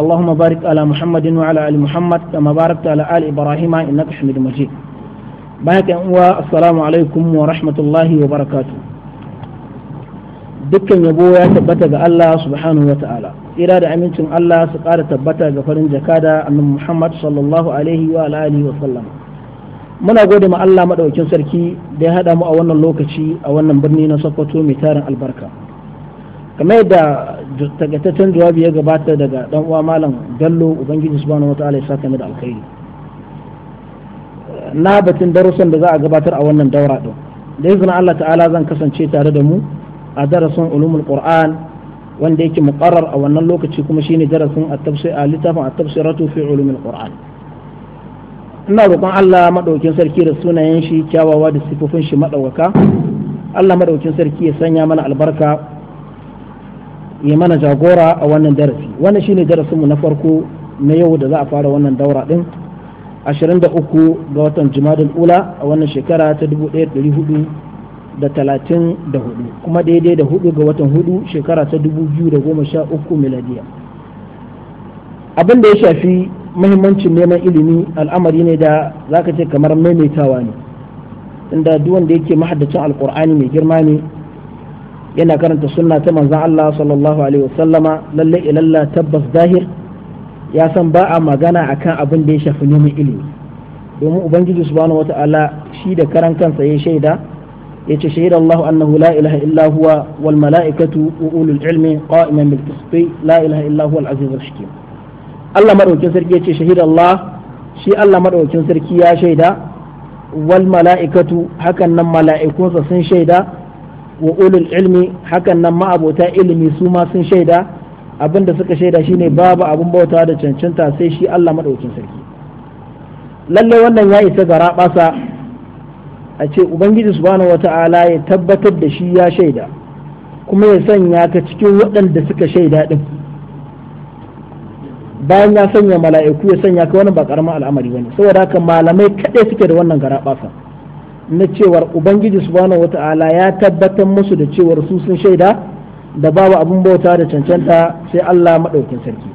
اللهم بارك على محمد وعلى ال محمد كما باركت على ال ابراهيم انك حميد مجيد بارك السلام عليكم ورحمه الله وبركاته dukkan yabo ya tabbata ga Allah subhanahu wa ta'ala tsira da amincin Allah su ƙara tabbata ga farin jakada annabi Muhammad sallallahu alaihi wa alihi wa sallam muna gode ma Allah madaukakin sarki da ya hada mu a wannan lokaci a wannan birni na Sokoto mai tarin albarka kamar yadda takaitaccen jawabi ya gabata daga dan uwa malam bello ubangiji subhanahu ta'ala ya saka da alkhairi na batun darussan da za a gabatar a wannan daura din da izinin Allah ta'ala zan kasance tare da mu a darasin ulumul qur'an wanda yake muqarrar a wannan lokaci kuma shine darasin at-tafsir a littafin at-tafsiratu fi ulumul qur'an ina roƙon Allah madaukin sarki da sunayen shi kyawawa da sifofin shi madawaka Allah madaukin sarki ya sanya mana albarka ya mana jagora a wannan darasi wannan shine darasinmu na farko na yau da za a fara wannan daura din 23 ga watan jumadal ula a wannan shekara ta 1434 kuma daidai da 4 ga watan 4 shekara ta 2013 miladiya abin da ya shafi mahimmancin neman ilimi al'amari ne da zaka ce kamar maimaitawa ne inda duk wanda yake mahaddacin alkur'ani mai girma ne yana karanta sunna ta manzon Allah sallallahu alaihi wasallama lalle ilalla tabbas zahir ya san ba a magana akan abin da ya shafi neman ilimi domin ubangiji subhanahu wata'ala shi da karan kansa ya shaida ya ce shaida Allah annahu la ilaha illa huwa wal mala'ikatu wa ulul ilmi qa'iman bil qisti la ilaha illa huwa al aziz al hakim Allah madaukakin sarki ya ce shaida Allah shi Allah madaukakin sarki ya shaida wal mala'ikatu hakan nan mala'ikunsa sun shaida wa ulul ilmi hakan nan ma'abota ilimi su ma sun shaida abin da suka shaida shine babu abun bauta da cancanta sai shi Allah madaukin sarki lalle wannan ya isa gara basa a ce ubangiji subhanahu wata'ala ya tabbatar da shi ya shaida kuma ya sanya ka cikin waɗanda suka shaida din bayan ya sanya mala'iku ya sanya ka wani ba karamin al'amari bane saboda haka malamai kaɗai suke da wannan gara basa na cewar ubangiji subhanahu wata'ala ya tabbatar musu da cewar su sun shaida da babu abin bauta da cancanta sai Allah maɗaukin sarki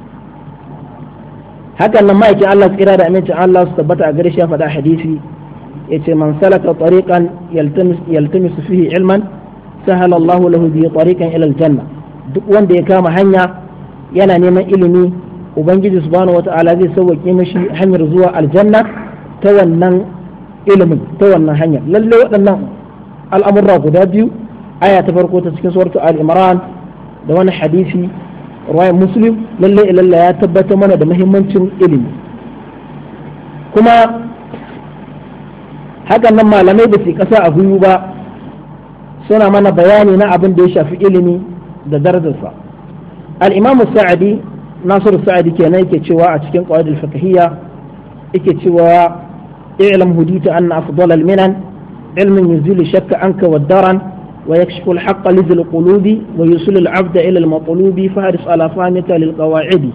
hakan nan ma'aikin Allah kira da amincin Allah su tabbata a gare shi ya faɗa hadisi ce man salaka tariqan yaltamis fihi ilman sahala Allahu lahu bi tariqan ila aljanna duk wanda ya kama hanya yana neman ilimi ubangiji subhanahu wata'ala zai sauwake mishi hanyar zuwa aljanna ta wannan ilimin ta wannan hanyar lalle waɗannan al'amurra guda biyu aya ta farko ta cikin suratu al-imran da wani hadisi ruwayan muslim lalle ilalla ya tabbatar mana da muhimmancin ilimi kuma hakan nan malamai da su kasa a huyu ba suna mana bayani na abin da ya shafi ilimi da darajarsa al imamu sa'adi nasiru sa'adi kenan yake cewa a cikin qawaid al-fiqhiyya yake cewa اعلم هديت أن أفضل المنن علم يزيل الشك عنك والدرن ويكشف الحق لذي القلوب ويوصل العبد إلى المطلوب فارس على فهمك للقواعد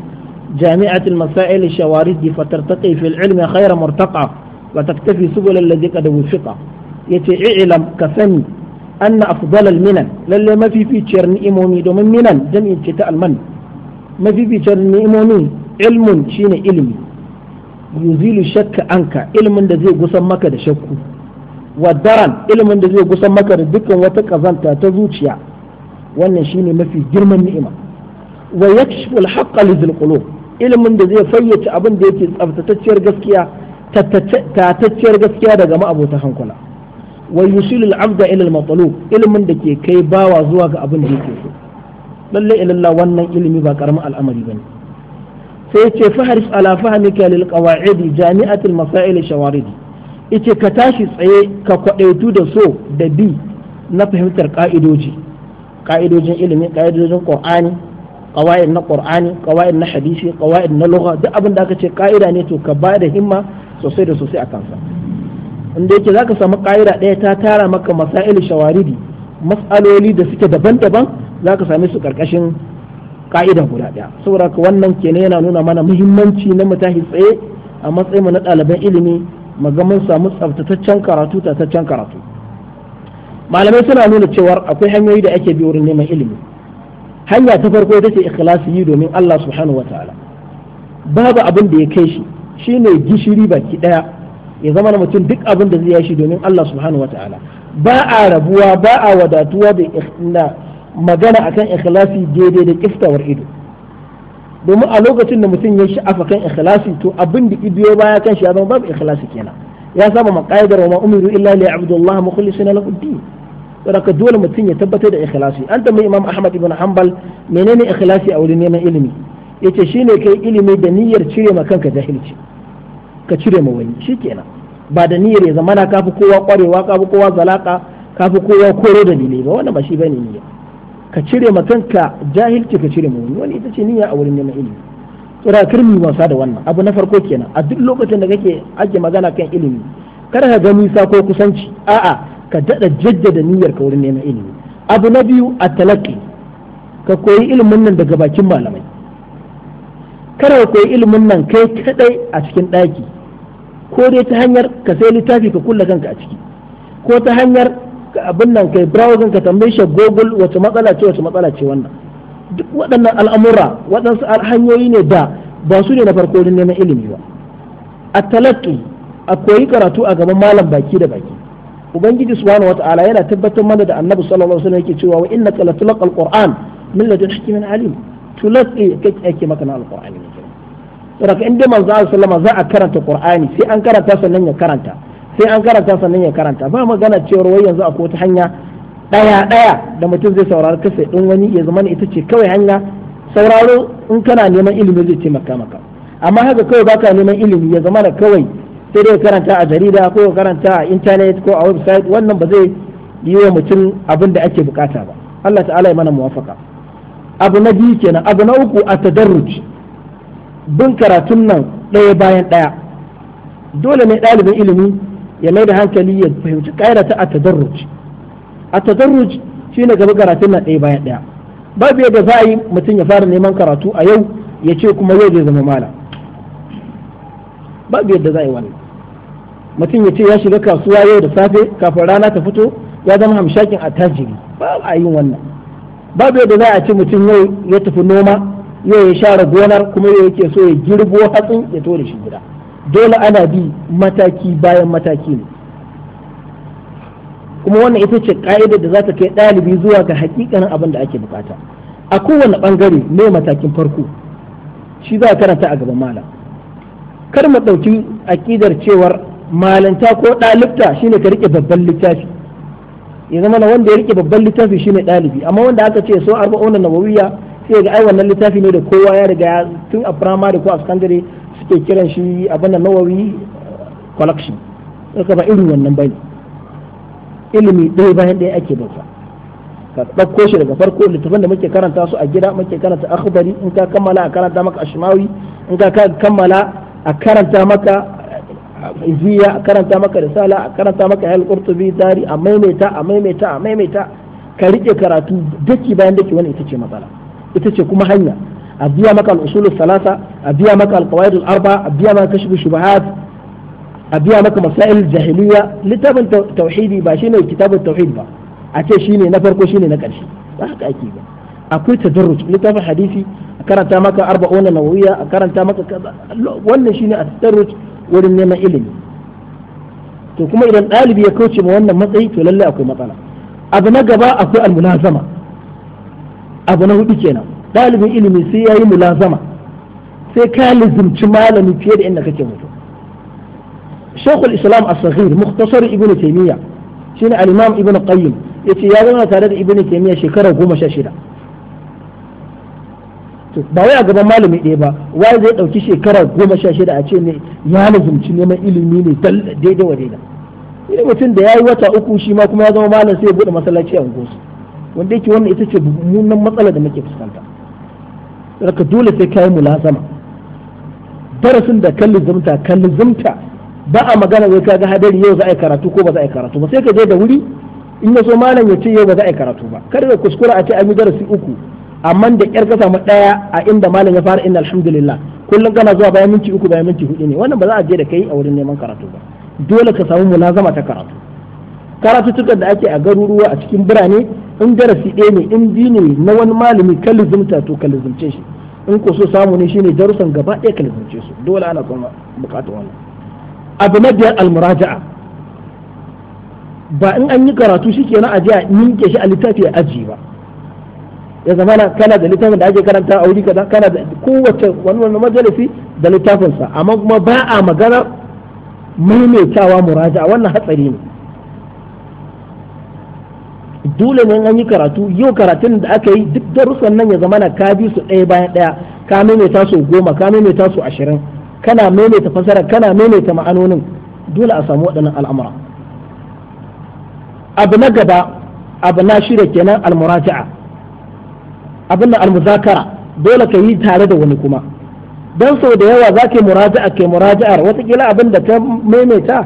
جامعة المسائل الشوارد فترتقي في العلم خير مرتقى وتكتفي سبل الذي قد وفق يتي اعلم كسني أن أفضل المنن للي ما في في تشير نئمومي دومن منن جميع كتاء المن ما في في تشير إمومي علم شين علمي yuzilu shakka anka ilimin da zai gusan maka da shakku wa daran ilimin da zai gusan maka da dukkan wata kazanta ta zuciya wannan shine mafi girman ni'ima wa yakshifu alhaqqa haqqa qulub ilimin da zai fayyace abin da yake tsaftatacciyar gaskiya tatacciyar gaskiya daga ma'abota hankula wa yusilu al'abda ila al-matlub ilimin da ke kai bawa zuwa ga abin da yake so lalle ilallah wannan ilimi ba karamin al'amari bane sai ce faharis ala fahmika lil qawaid jami'atul masail shawaridi yace ka tashi tsaye ka kwadaitu da so da bi na fahimtar ka'idoji ka'idojin ilimi ka'idojin qur'ani qawaid na qur'ani qawaid na hadisi qawaid na lugha duk abin da aka ce ka'ida ne to ka ba da himma sosai da sosai a kansa inda yake zaka samu ka'ida ɗaya ta tara maka masail shawaridi mas'aloli da suke daban-daban zaka same su karkashin ka'ida guda ɗaya saboda wannan kenan yana nuna mana muhimmanci na mu tsaye a matsayin mu na ɗaliban ilimi mu ga mun samu tsaftataccen karatu tataccen karatu malamai suna nuna cewa akwai hanyoyi da ake bi wurin neman ilimi hanya ta farko ita ce ikhlasi yi domin Allah subhanahu wataala babu abin da ya kai shi shine gishiri baki ɗaya ya zama na mutum duk abin da zai yi shi domin Allah subhanahu wataala ba a rabuwa ba a wadatuwa da magana akan ikhlasi daidai da kiftawar ido domin a lokacin da mutum ya sha'afa kan ikhlasi to abin da ibiyo baya kan shi ya zama babu ikhlasi kenan ya saba ma qaidar wa umiru illa li abdullah mukhlishina lahu din saboda dole mutum ya tabbatar da ikhlasi an tambayi imam ahmad ibn hanbal menene ikhlasi a wurin neman ilimi yace shine kai ilimi da niyyar cire ma kanka jahilci ka cire ma wani kenan ba da niyyar ya zama na kafi kowa kwarewa kafi kowa zalaka kafi kowa koro dalilai ba wannan ba shi bane niyyar ka cire ma kanka jahilci ka cire ma wani wani ita ce niyya a wurin neman ilimi tsira kirmi wasa da wannan abu na farko kenan a duk lokacin da kake ake magana kan ilimi kada ka ga nisa ko kusanci a'a ka dada jaddada niyyar ka wurin neman ilimi abu na biyu a talaki ka koyi ilimin nan daga bakin malamai kada ka koyi ilimin nan kai kadai a cikin daki ko dai ta hanyar ka sai littafi ka kulla kanka a ciki ko ta hanyar abin nan kai browsing ka tambaye shi google wace matsala ce wace matsala ce wannan duk waɗannan al'amura waɗansu hanyoyi ne da ba su ne na farko don neman ilimi ba a talatu a koyi karatu a gaban malam baki da baki ubangiji subhanahu wataala yana tabbatar mana da annabi sallallahu alaihi wasallam yake cewa wa innaka latulqal qur'an min ladun hakimin alim tulqi kake ake maka na alqur'ani ne kira saboda in dai manzo sallallahu za a karanta qur'ani sai an karanta sannan ya karanta sai an karanta sannan ya karanta ba magana cewar wai yanzu akwai wata hanya daya daya da mutum zai saurari kasa din wani ya zama ita ce kawai hanya sauraro in kana neman ilimi zai taimaka maka amma haka kawai baka neman ilimi ya zama kawai sai dai karanta a jarida ko karanta a intanet ko a website wannan ba zai yi wa mutum abin da ake bukata ba Allah ta'ala ya mana muwafaka abu na biyu kenan abu na uku a tadarruj bin karatun nan ɗaya bayan ɗaya dole ne ɗalibin ilimi ya mai da hankali ya fahimci ƙaira ta a tadarruj a tadarruj shi ne gaba karatun na ɗaya bayan ɗaya babu yadda za a yi mutum ya fara neman karatu a yau ya ce kuma yau zai zama malam babu yadda za a yi wani mutum ya ce ya shiga kasuwa yau da safe kafin rana ta fito ya zama hamshakin attajiri babu a yin wannan babu yadda za a ce mutum yau ya tafi noma yau ya share gonar kuma yau yake so ya girbo hatsin ya tore shi gida dole ana bi mataki bayan mataki ne kuma wannan ita ce ka'idar da za ta kai ɗalibi zuwa ga hakikanin abin da ake bukata a kowane ɓangare ne matakin farko shi za a karanta a gaban malam kar mu ɗauki aƙidar cewar malanta ko ɗalibta shine ka rike babban littafi ya zama na wanda ya rike babban littafi shine ɗalibi amma wanda aka ce so arba'una nawawiya sai ga ai wannan littafi ne da kowa ya riga tun a firamare ko a sakandare suke kiran shi abin da nawawi collection suka ba irin wannan ne ilimi ɗaya bayan ɗaya ake bauta ka ɗauko shi daga farko littafin da muke karanta su a gida muke karanta akhbari in ka kammala a karanta maka ashmawi in ka kammala a karanta maka eh, iziya a karanta maka risala a karanta maka hal qurtubi tari a maimaita a maimaita a maimaita ka rike karatu daki bayan daki wani ita ce matsala ita ce kuma hanya a maka al-usul salasa a biya maka al-qawaid al-arba a biya maka kashf shubahat a biya maka masail jahiliya littafin tauhidi ba shine kitabut tauhid ba a ce shine na farko shine na karshe ba haka ake ba akwai tadarruj littafin a karanta maka a karanta maka wannan ilimi to kuma idan ɗalibi ya kauce ma wannan matsayi to lallai akwai matsala abu na gaba akwai almunazama abu na hudu kenan ɗalibin ilimi sai ya yi mulazama sai ka lizimci malami fiye da inda kake mutu shekul islam as-saghir mukhtasar ibn taimiyya shi ne alimam ibn qayyim yace ya zama tare da ibn taimiyya shekara goma sha shida ba wai a gaban malami ɗaya ba wai zai ɗauki shekara goma sha shida a ce ne ya lazumci neman ilimi ne daidai wa daidai ne mutum da ya yi wata uku shi ma kuma ya zama malam sai ya buɗe masallaci a unguwarsu wanda yake wannan ita ce mummunan matsalar da muke fuskanta haka dole sai kayi mulazama darasin da kan lizumta kan lizumta ba a magana wai kaga hadari yau za a yi karatu ko ba za a yi karatu ba sai ka je da wuri in ya so malam ya ce yau ba za a yi karatu ba kada ka kuskura a ce an yi darasi uku amma da kyar ka mu ɗaya a inda malam ya fara inna alhamdulillah kullum kana zuwa bayan minti uku bayan minti hudu ne wannan ba za a je da kai a wurin neman karatu ba dole ka samu mulazama ta karatu karatuttukan da ake a garuruwa a cikin birane in darasi ɗaya ne in bi ne na wani malami ka to ka shi in ko so samu ne shine darussan gaba ɗaya ka su dole ana kuma bukatar wannan abu na biyar almuraja'a ba in an yi karatu shi na a in ninke shi a littafi a aji ba ya zama na kana da littafin da ake karanta a wuri kaza kana da kowace wani wani majalisi da littafinsa amma kuma ba a magana maimaitawa muraja'a wannan hatsari ne dole ne an yi karatu yau karatun da aka yi duk darussan nan ya zamana ka bi su ɗaya bayan ɗaya ka maimaita su goma ka maimaita su ashirin kana maimaita fasara kana maimaita ma'anonin dole a samu waɗannan al'amura abu na gaba abu na shida kenan almuraja'a abin da almuzakara dole ka yi tare da wani kuma don sau da yawa za ka yi muraja'a yi muraja'ar watakila abin da ka maimaita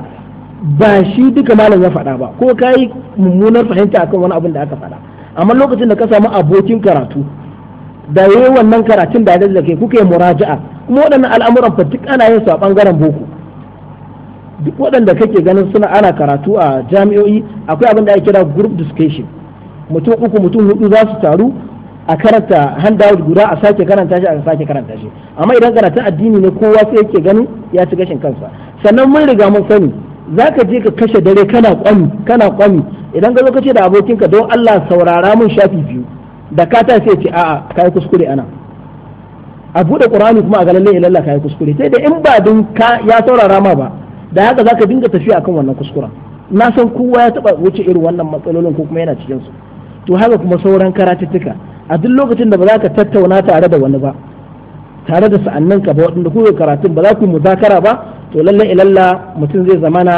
ba shi duka malam ya faɗa ba ko ka yi mummunar fahimta akan wani abin da aka faɗa amma lokacin da ka samu abokin karatu da yi wannan karatun da da kai kuka yi muraja'a kuma waɗannan al'amuran fa duk ana yin su a ɓangaren boko duk waɗanda kake ganin suna ana karatu a jami'o'i akwai abin da ake kira group discussion mutum uku mutum hudu za su taru a karanta handout guda a sake karanta shi a sake karanta shi amma idan karatun addini ne kowa sai yake ganin ya ci gashin kansa sannan mun riga mun sani za ka je ka kashe dare kana kwami kana kwami idan ka zo ka ce da abokinka don Allah saurara mun shafi biyu da ka ta sai ce a'a yi kuskure ana a bude qur'ani kuma a ga lalle ka yi kuskure sai da in ba din ka ya saurara ma ba da haka zaka dinga tafiya akan wannan kuskuren na san kowa ya taba wuce irin wannan matsalolin ko kuma yana cikin su to haka kuma sauran karatuttuka a duk lokacin da ba za ka tattauna tare da wani ba tare da sa'annan ka ba waɗanda kuka karatun ba za ku yi muzakara ba to lalle ilalla mutum zai zamana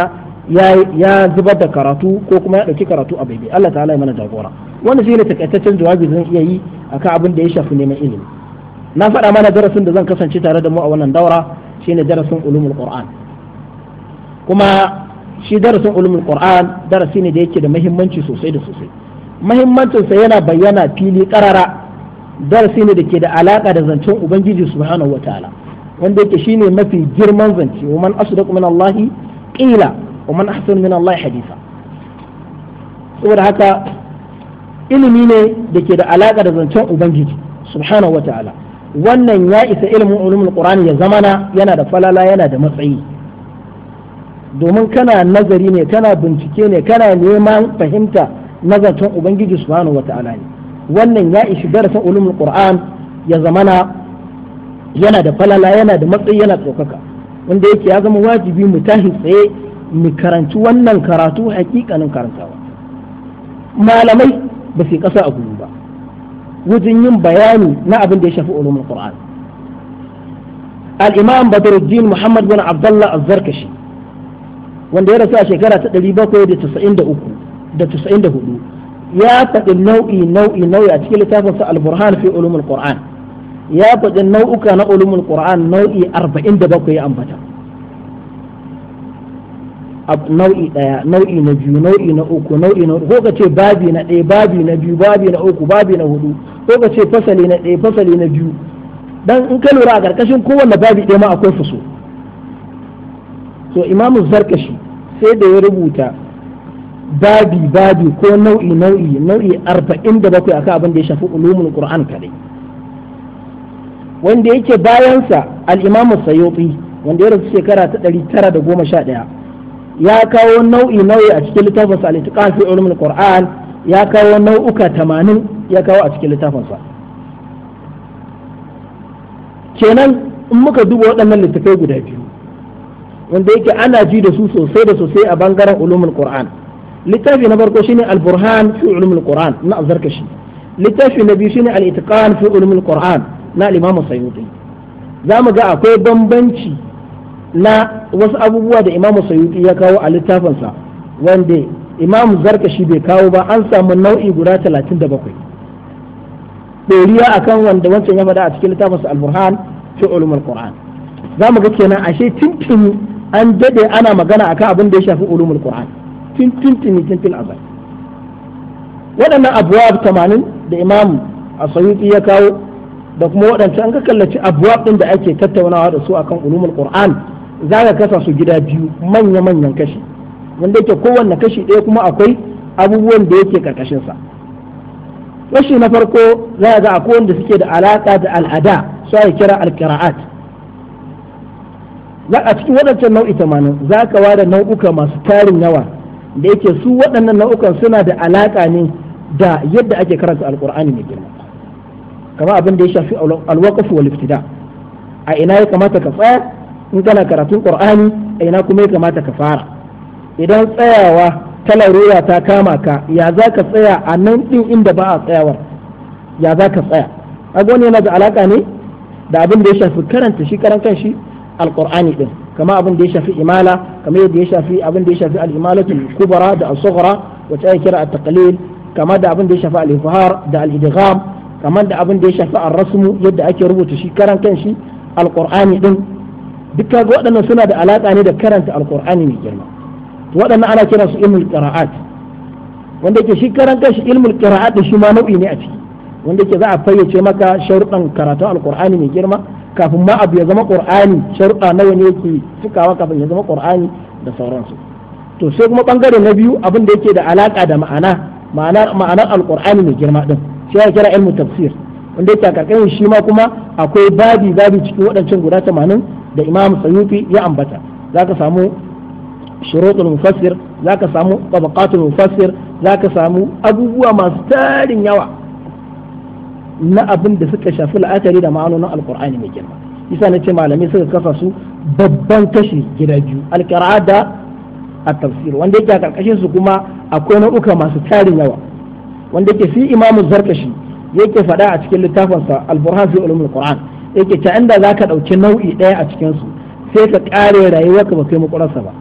ya zubar da karatu ko kuma ya ɗauki karatu a bebe. Allah ta'ala ya mana jagora Wani shine takaitaccen jawabi zan iya yi akan abin da ya shafi neman ilimi na faɗa mana darasin da zan kasance tare da mu a wannan daura shine darasin ulumul qur'an kuma shi darasin ulumul qur'an darasi ne da yake da muhimmanci sosai da sosai muhimmancinsa yana bayyana fili karara darasi ne da ke da alaka da zancen ubangiji subhanahu wataala wanda yake shine mafi girman zance wa man asdaqu min Allah qila wa man min Allah hadisa saboda haka ilimi ne da ke da alaƙa da zancen ubangiji subhanahu wataala wannan ya isa ilimin ulumul qur'ani ya zamana yana da falala yana da matsayi domin kana nazari ne kana bincike ne kana neman fahimta zancen ubangiji subhanahu wata'ala ne wannan ya ishi darasin ulumul qur'an ya zamana yana da falala yana da matsayi yana tsokaka wanda yake ya zama wajibi mu tashi tsaye mu karanci wannan karatu hakikanin karantawa malamai ba su kasa a gudu ba wajen yin bayani na abin da ya shafi ulumul qur'an al-imam badruddin muhammad bin abdullah az-zarkashi wanda ya rasu a shekara ta 793 da 94 ya faɗi nau'i nau'i nau'i a cikin littafinsa al-burhan fi ulumul qur'an ya faɗi nau'uka na ulumul qur'an nau'i 47 ya ambata nau'i ɗaya nau'i na biyu nau'i na uku nau'i na ko ka ce babi na ɗaya babi na biyu babi na uku babi na hudu ko ka ce fasali na ɗaya fasali na biyu dan in ka lura a ƙarƙashin kowanne babi ɗaya ma akwai fuso so imamu zarkashi sai da ya rubuta babi babi ko nau'i nau'i nau'i arba'in da bakwai akan abin da ya shafi ulumul qur'an kadai wanda yake bayansa al'imamu sayofi wanda ya rasu shekara ta ɗari tara da goma sha ɗaya ya kawo nau'i nau'i a cikin littafinsa a littafin fi ulumul qur'an ya kawo nau'uka tamanin ya kawo a cikin littafinsa kenan in muka duba waɗannan littafai guda biyu wanda yake ana ji da su sosai da sosai a bangaren ulumul qur'an littafi na farko shine al-burhan fi ulumul qur'an na azarkashi littafi na biyu shine al-itiqan fi ulumul qur'an na al sayuti za mu ga akwai bambanci na wasu abubuwa da Imam sayuti ya kawo a littafinsa wanda Imam Zarkashi bai kawo ba an samu nau'i guda 37 ɗoriya akan wanda wancan ya faɗa a cikin littafinsa al-Burhan fi ulumul Qur'an za mu ga kenan ashe tuntuni an dade ana magana akan abin da ya shafi ulumul Qur'an tuntuni tuntun azal waɗannan abuwa 80 da Imam sayuti ya kawo da kuma an ka kallaci abuwab ɗin da ake tattaunawa da su akan ulumul qur'an za ka kasa su gida biyu manya-manyan kashi wanda yake kowanne kashi ɗaya kuma akwai abubuwan da yake karkashin sa kashi na farko za ga akwai wanda suke da alaka da al'ada su ake kira alqira'at za a cikin waɗancan nau'i tamanin za ka ware nau'uka masu tarin yawa da yake su waɗannan nau'ukan suna da alaka ne da yadda ake karanta alqur'ani mai girma kama abin da ya shafi alwaqaf wal ibtida a ina ya kamata ka tsaya in kana karatun qur'ani a ina kuma ya kamata ka fara idan tsayawa ta larura ta kama ka ya za ka tsaya a nan din inda ba a tsayawar ya za ka tsaya wani yana da alaka ne da abin da ya shafi karanta shi karan kan shi alqur'ani din kama abin da ya shafi imala kama yadda ya shafi abin da ya shafi al-imalatul kubra da al-sughra wacce ake kira at-taqlil kama da abin da ya shafi al-ifhar da al-idgham kamar da abin da ya shafi ar-rasmu yadda ake rubuta shi karan kanshi alqur'ani din duk kaga waɗannan suna da alaka ne da karanta alkurani mai girma to waɗannan ana kira su ilmul qira'at wanda ke shi karan kanshi ilmul qira'at shi ma nau'i ne a ciki wanda ke za a fayyace maka sharuɗan karatun alkur'ani mai girma kafin ma abu ya zama qur'ani sharuɗa nawa ne yake cikawa kafin ya zama qur'ani da sauransu to sai kuma bangare na biyu abin da yake da alaka da ma'ana ma'anar alkur'ani mai girma din shi ya kira ilmu tafsir wanda yake a karkashin shi ma kuma akwai babi babi cikin waɗancan guda tamanin da imam sayufi ya ambata za ka samu shurutul mufassir zaka samu tabaqatul mufassir zaka samu abubuwa masu tarin yawa na abin da suka shafi la'akari da ma'anonin alkur'ani mai girma isa na ce malamai suka kafa su babban kashi gida biyu alkira da a tafsir wanda yake a karkashin su kuma akwai nau'uka masu tarin yawa wanda yake si imamu zarkashi yake faɗa a cikin littafinsa al-burhan fi ulumul qur'an yake ta inda zaka dauki nau'i ɗaya a cikin su sai ka ƙare rayuwar ka ba kai makurarsa ba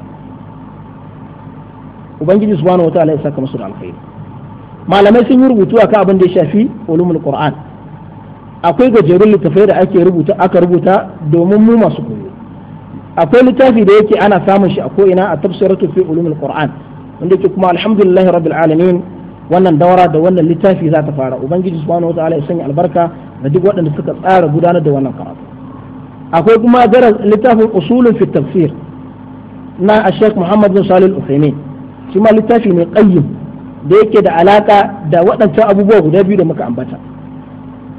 ubangiji subhanahu wataala ya saka musu da alkhairi malamai sun yi rubutu akan abin da ya shafi ulumul qur'an akwai gajerun littafai da ake rubuta aka rubuta domin mu masu koyo akwai littafi da yake ana samun shi a ko ina a tafsiratu fi ulumul qur'an wanda yake kuma alhamdulillah rabbil alamin wannan daura da wannan littafi za ta fara ubangiji subhanahu wataala ya sanya albarka da duk waɗanda suka tsara gudanar da wannan karatu akwai kuma garar littafin usulun fi tafsir na ashek muhammad bin salil al-uthaymin shi ma littafi mai qayyim da yake da alaka da waɗancan abubuwa guda biyu da muka ambata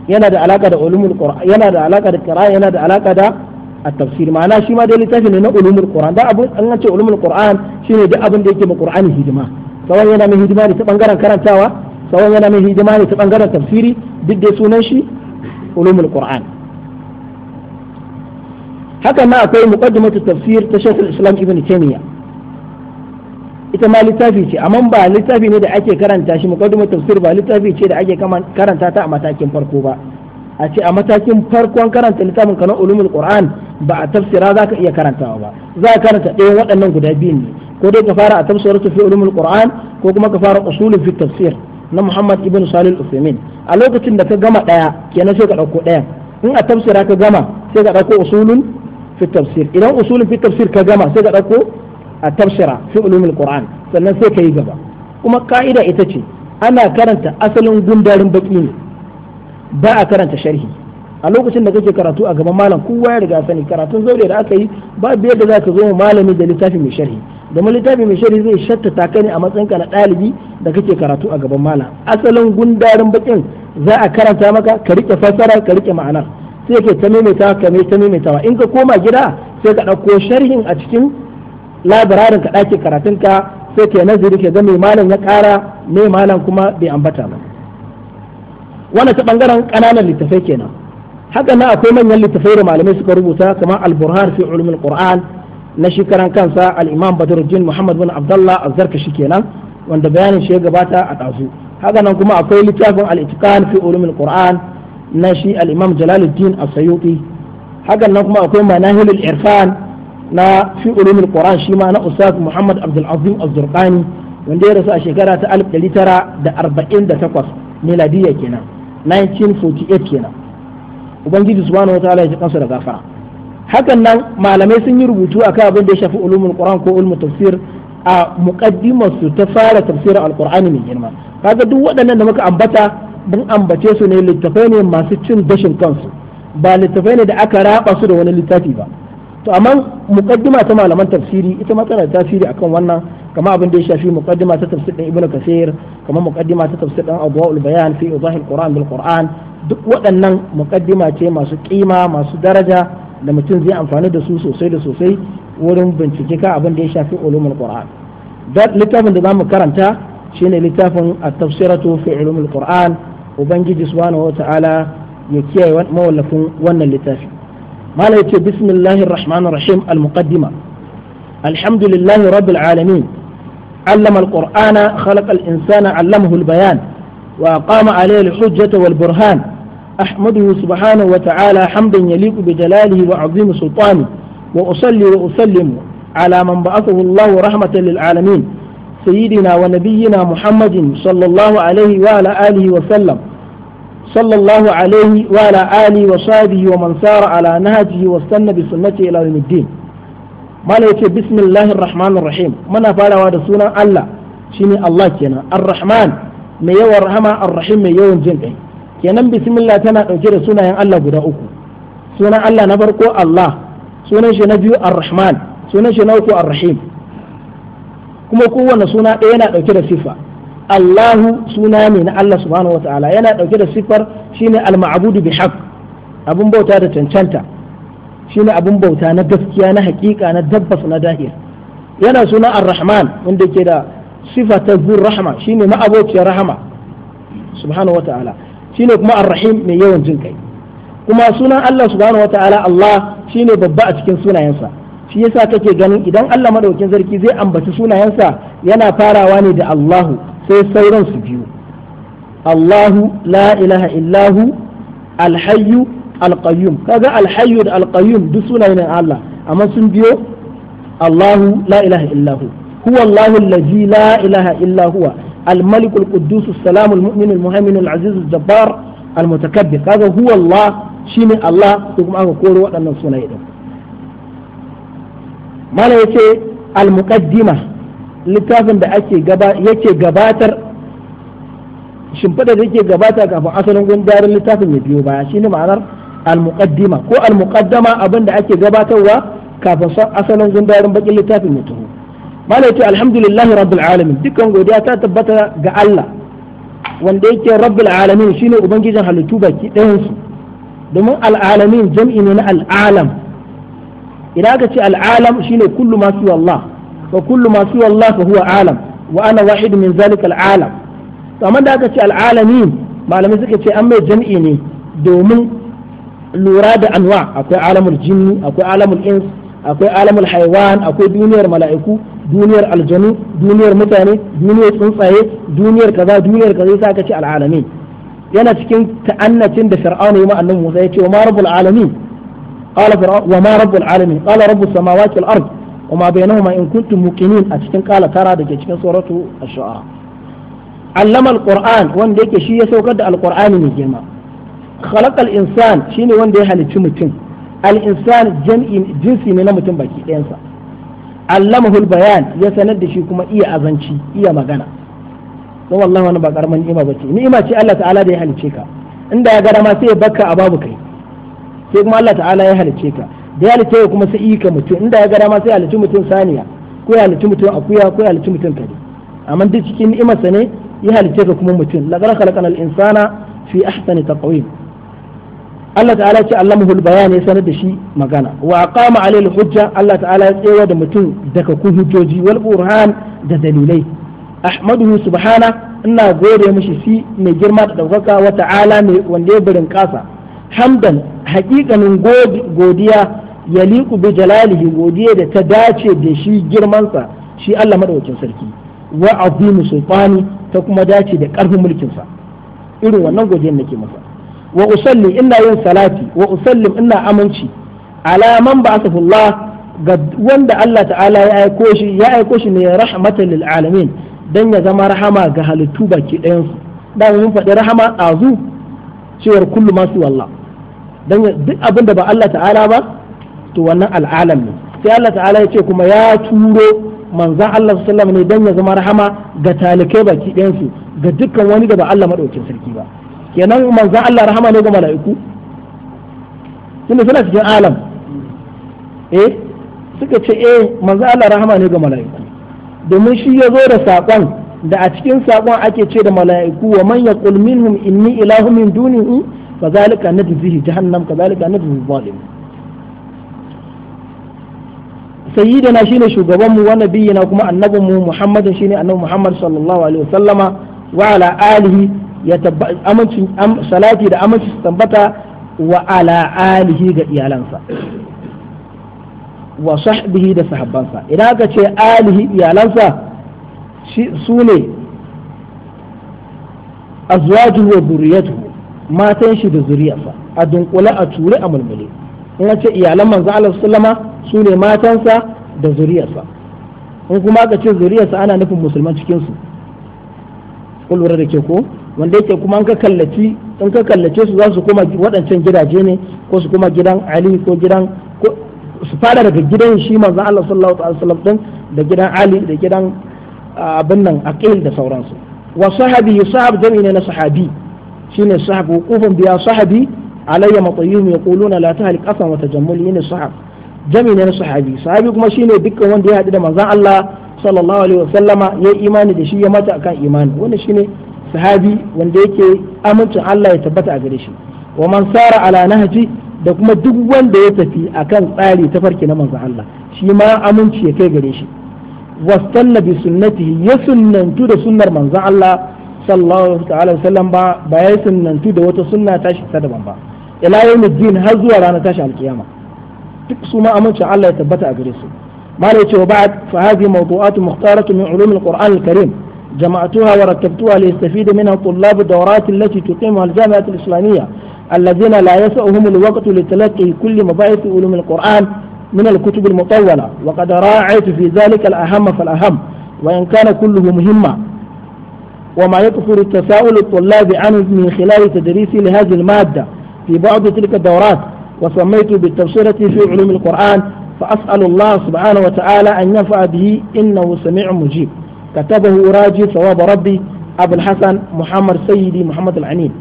yana da alaka da ulumul qur'an yana da alaka da qira'a yana da alaka da at-tafsir ma'ana shi ma dai littafi ne na ulumul qur'an da abun an ce ulumul qur'an shine duk abin da yake ma qur'ani hidima sawan yana mai hidima ne ta bangaren karantawa sawan yana mai hidima ne ta bangaren tafsiri duk da sunan shi ulumul qur'an haka ma akwai muqaddimatu tafsir ta shaykhul islam ibn taymiya ita ma littafi ce amma ba littafi ne da ake karanta shi muqaddimatu tafsir ba littafi ce da ake karanta ta a matakin farko ba a ce a matakin farkon karanta littafin kanan ulumul qur'an ba a tafsira za ka iya karantawa ba za ka karanta ɗayan waɗannan guda biyu ne ko dai ka fara a tafsiratu fi ulumul qur'an ko kuma ka fara usulin fi tafsir na Muhammad ibn Salih al a lokacin da ka gama daya kenan sai ka dauko daya in a tafsira ka gama sai ka dauko usulun fi tafsir idan usulun fi tafsir ka gama sai ka dauko a tafsira fi ulumul qur'an sannan sai ka yi gaba kuma ka'ida ita ce ana karanta asalin gundarin baki ne ba a karanta sharhi a lokacin da kake karatu a gaban malam kowa ya riga sani karatun zaure da aka yi babu yadda za ka zo malami da littafi mai sharhi domin littafi mai shari zai shattata ka ne a matsayinka na ɗalibi da kake karatu a gaban malam asalin gundarin bakin za a karanta maka ka rike fasara ka rike ma'anar sai ke ta maimaita ka mai ta maimaitawa in ka koma gida sai ka ɗauko sharhin a cikin labararin ka ɗake karatun ka sai ke nazari ka ga mai malam ya ƙara mai malam kuma bai ambata ba wannan ta bangaren ƙananan littafai kenan haka na akwai manyan littafai da malamai suka rubuta kamar al-burhan fi ulumul qur'an na shi karan kansa al-imam badruddin muhammad bin abdullah az-zarkashi kenan wanda bayanin shi ya gabata a ɗazu haka nan kuma akwai littafin al-itqan fi ulumul qur'an na shi al-imam jalaluddin as-sayuti haka nan kuma akwai manahilul irfan na fi ulumul qur'an shi ma na ustaz muhammad abdul azim az-zurqani wanda ya rasu a shekara ta 1948 miladiyya kenan 1948 kenan ubangiji subhanahu wataala ya ji kansa da gafara hakan nan malamai sun yi rubutu akan abin da ya shafi ulumul qur'an ko ulumul tafsir a muqaddimar ta fara tafsirin alqur'ani mai girma kaga duk waɗannan da muka ambata mun ambace su ne littafai ne masu cin dashin kansu ba littafai ne da aka raba su da wani littafi ba to amma muqaddima ta malaman tafsiri ita ma tana tasiri akan wannan kama abin da ya shafi muqaddima ta tafsir din ibnu kasir kama muqaddima ta tafsir din abwaul bayan fi idahi alquran bil quran duk waɗannan muqaddima ce masu kima masu daraja da mutum zai amfani da su sosai da sosai wurin bincike ka abin da ya shafi ulumul qur'an da littafin da zamu karanta shine littafin at-tafsiratu fi ulumul qur'an ubangiji subhanahu wata'ala ya kiyaye mawallafin wannan littafi mala yace bismillahir rahmanir rahim al-muqaddima alhamdulillahi rabbil alamin علم القرآن خلق الإنسان علمه البيان وأقام عليه الحجة والبرهان أحمده سبحانه وتعالى حمدا يليق بجلاله وعظيم سلطانه وأصلي وأسلم على من بعثه الله رحمة للعالمين سيدنا ونبينا محمد صلى الله عليه وعلى آله وسلم صلى الله عليه وعلى آله وصحبه ومن سار على نهجه واستنى بسنته إلى يوم الدين مالك بسم الله الرحمن الرحيم من فعل هذا سنة الله شيني الله كنا الرحمن ميو الرحمة الرحيم ميو الجنة kenan bismillah tana ɗauke da sunayen Allah guda uku sunan Allah na farko Allah sunan shi na biyu ar-rahman sunan shi na uku ar-rahim kuma kowane suna ɗaya yana ɗauke da sifa Allahu suna ne na Allah subhanahu wataala yana ɗauke da sifar shine al-ma'budu bi haqq abun bauta da cancanta shine abun bauta na gaskiya na hakika na dabbas na dahir yana suna ar-rahman wanda ke da sifa ta rahma shine ma'abociyar rahama subhanahu wataala shine kuma arrahim mai yawan jin kai kuma sunan Allah subhanahu wataala Allah shine babba a cikin sunayensa shi yasa kake ganin idan Allah madaukakin sarki zai ambaci sunayensa yana farawa ne da Allahu sai sauran su biyu Allahu la ilaha illahu alhayyu alqayyum kaga alhayyu da alqayyum duk ne Allah amma sun biyo Allahu la ilaha illahu huwa Allahu allazi la ilaha illa الملك القدوس السلام المؤمن المهيمن العزيز الجبار المتكبر هذا هو الله شيني الله ثم أكو كورو أن سنة ما لا المقدمة littafin da ake yake gabatar shimfiɗa da yake gabata kafin asalin gundarin littafin ya biyo baya shine ma'anar al ko al-muqaddama abin da ake gabatarwa kafin asalin gundarin bakin littafin ya malai ce alhamdulillahi rabbil alamin dukkan godiya ta tabbata ga Allah wanda yake rabbil alamin shine ubangijin halittu baki ɗayan su domin al'alamin jam'i ne na al'alam idan aka ce al'alam shine kullu ma fi Allah wa kullu ma fi Allah fa huwa alam wa ana wahid min zalika al'alam to amma da aka ce al'alamin malamai suka ce an mai jam'i ne domin lura da anwa akwai alamul jinni akwai alamul ins akwai alamul haiwan akwai duniyar mala'iku duniyar aljanu duniyar mutane duniyar tsuntsaye duniyar kaza duniyar kaza sai aka ce al'alamin yana cikin ta'annacin da fir'auna ya ma'annan Musa ya ce wa ma rabbul alamin qala fir'aun wa ma rabbul alamin qala rabbus samawati wal ard wa ma bainahuma in kuntum muqinin a cikin qala tara da cikin suratu ash-shu'ara allama al-qur'an wanda yake shi ya saukar da al-qur'ani mai girma khalaqal insan shine wanda ya halicci mutum al-insan jam'in jinsi ne na mutum baki ɗayansa allamahul bayan ya sanar da shi kuma iya azanci iya magana don wallahi wani ba karamin ni'ima bace ni'ima ce Allah ta'ala da ya halice ka inda ya gara ma sai ya baka a babu kai sai kuma Allah ta'ala ya halice ka da ya halice kuma sai yi ka mutum inda ya gara ma sai ya halici mutum saniya ko ya halice mutum akuya ko ya halice mutum kare amma duk cikin ni'imarsa ne ya halice ka kuma mutum laqad khalaqal insana fi ahsani taqwim Allah ta'ala ce allamahul bayan ya sanar da shi magana wa aqama alayhi hujja Allah ta'ala ya tsewa da mutum daga kun hujjoji wal burhan da dalilai ahmaduhu subhana ina gode mishi shi mai girma da daukaka wa ta'ala mai wanda ya birin kasa hamdan haƙiƙanin godiya yaliku bi jalalihi godiya da ta dace da shi girmansa shi Allah madaukakin sarki wa azimu sultani ta kuma dace da ƙarfin sa irin wannan godiyar nake masa wa usalli ina yin salati wa usallim ina aminci ala man ba'athullah ga wanda Allah ta'ala ya aiko shi ya aiko shi ne rahmatan lil alamin dan ya zama rahama ga halittu baki ɗayan su da mun faɗi rahama azu cewar kullu ma wallah dan duk abin da ba Allah ta'ala ba to wannan al'alam ne sai Allah ta'ala ya ce kuma ya turo manzan Allah sallallahu alaihi ne dan ya zama rahama ga talikai baki ɗayan su ga dukkan wani da ba Allah madaukin sarki ba kenan manzan Allah rahama ne ga mala'iku tunda suna cikin alam eh suka ce eh manzan Allah rahama ne ga mala'iku domin shi ya zo da saƙon da a cikin saƙon ake ce da mala'iku wa man yaqul minhum inni ilahu min dunihi fa zalika najzihi jahannam ka zalika najzi zalim sayyidina shine shugaban mu wa nabiyina kuma annabinmu muhammadin shine annabi muhammad sallallahu alaihi wasallama wa ala alihi ya salati da aminci su tambata wa ala alihi ga iyalansa wa sahbihi da sahabbansa idan aka ce alihi iyalansa su ne zuwa wa zuriyatu matan shi da zuriyarsa a dunkule a ture a mulmule in ce iyalan manzo Allah sallama su ne matansa da zuriyarsa in kuma aka ce zuriyarsa ana nufin musulman cikin su da ke ko wanda yake kuma an ka kallaci in ka kallace su za su koma waɗancan gidaje ne ko su kuma gidan Ali ko gidan su fara daga gidan shi manzon Allah sallallahu alaihi wasallam din da gidan Ali da gidan abin nan aqil da sauransu wa sahabi sahab jami'i ne na sahabi shine sahab wuqufan biya sahabi alayya matayyim yaquluna la tahlik asan wa tajammul yin sahab jami'i ne na sahabi sahabi kuma shine dukkan wanda ya hadu da manzon Allah sallallahu alaihi wasallama ya imani da shi ya mata akan imani wannan shine sahabi wanda yake amincin Allah ya tabbata a gare shi wa man sara ala nahji da kuma duk wanda ya tafi akan tsari ta farki na manzon Allah shi ma aminci ya kai gare shi wastalla bi sunnatihi ya sunnantu da sunnar manzon Allah sallallahu ta'ala wasallam ba ba ya sunnantu da wata sunna ta shi ta ba ila yawmiddin har zuwa ranar tashi alkiyama duk su ma amincin Allah ya tabbata a gare su malai cewa ba fa hadhihi mawdu'atu mukhtaratu min ulumil qur'an al-karim جمعتها ورتبتها ليستفيد منها طلاب الدورات التي تقيمها الجامعة الإسلامية الذين لا يسعهم الوقت لتلقي كل مباحث علوم القرآن من الكتب المطولة وقد راعيت في ذلك الأهم فالأهم وإن كان كله مهما وما يكثر التساؤل الطلاب عنه من خلال تدريسي لهذه المادة في بعض تلك الدورات وسميت بالتبصرة في علوم القرآن فأسأل الله سبحانه وتعالى أن ينفع به إنه سميع مجيب كتبه راجي صواب ربي أبو الحسن محمد سيدي محمد العنين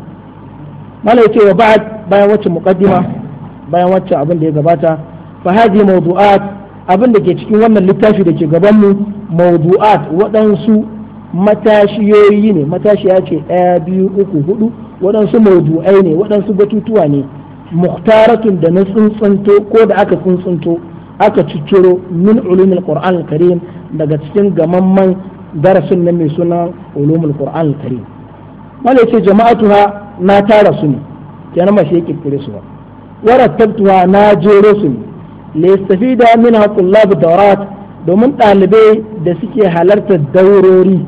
ما لا وبعد بيان وجه مقدمة بيان وجه أبن دي قباتا فهذه موضوعات أبن دي كتكي وانا اللتاشي دي قبامو موضوعات ودنسو matashiyoyi ne matashiya ce ɗaya biyu uku hudu waɗansu maudu'ai ne waɗansu batutuwa ne muhtaratun da na tsuntsunto ko da aka tsuntsunto aka cicciro min ulumil qur'an karim daga cikin gamamman darasin nan mai suna ulumul qur'an al-karim mala yace jama'atuha na tara su ne kenan mashi yake kire su ba warattabtuha na jero su ne listafida min tullab dawrat domin ɗalibai da suke halartar daurori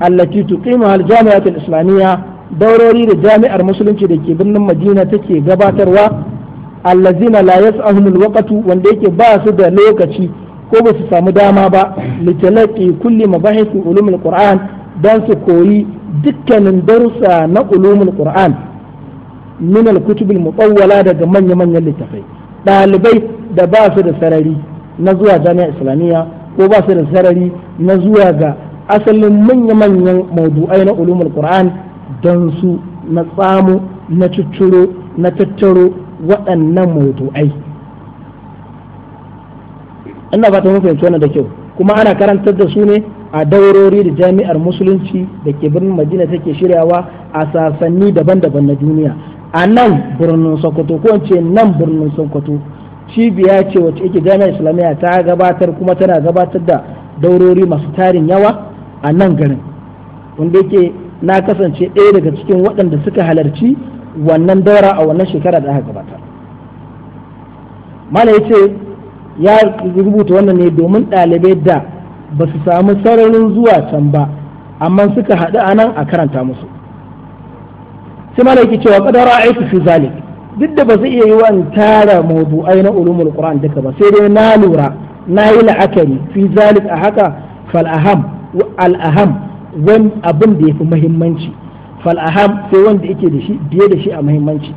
allati tuqimu al-jami'at al-islamiyya daurori da jami'ar musulunci da ke birnin madina take gabatarwa allazina la yas'ahum al-waqtu wanda yake ba su da lokaci ko ba su samu dama ba litalaki kulli mabahisi ulumul qur'an dan su koyi dukkanin darussa na ulumul qur'an min al-kutub al-mutawwala daga manya-manyan littafai dalibai da ba su da sarari na zuwa jami'a islamiyya ko ba su da sarari na zuwa ga asalin manya-manyan maudu'ai na ulumul qur'an dan su na tsamo na cicciro na tattaro waɗannan maudu'ai ina fata mun fahimci wannan da kyau kuma ana karantar da su ne a daurori da jami'ar musulunci da ke birnin madina take shiryawa a sasanni daban-daban na duniya a nan birnin sokoto ko ce nan birnin sokoto cibiya ce wacce ake jami'ar islamiyya ta gabatar kuma tana gabatar da daurori masu tarin yawa a nan garin wanda yake na kasance ɗaya daga cikin waɗanda suka halarci wannan daura a wannan shekara da aka gabatar mala ya ce ya rubuta wannan ne domin ɗalibai da ba su samu sararin zuwa can ba amma suka haɗu a nan a karanta musu sai ma yake cewa ƙadar ra'ayi fi zalik duk da ba zai iya yi wa tara mabu na ulumul qur'an duka ba sai dai na lura na yi la'akari fi zalik a haka fal al'aham al wani abin da yafi muhimmanci fal aham sai wanda yake da shi biye da shi a muhimmanci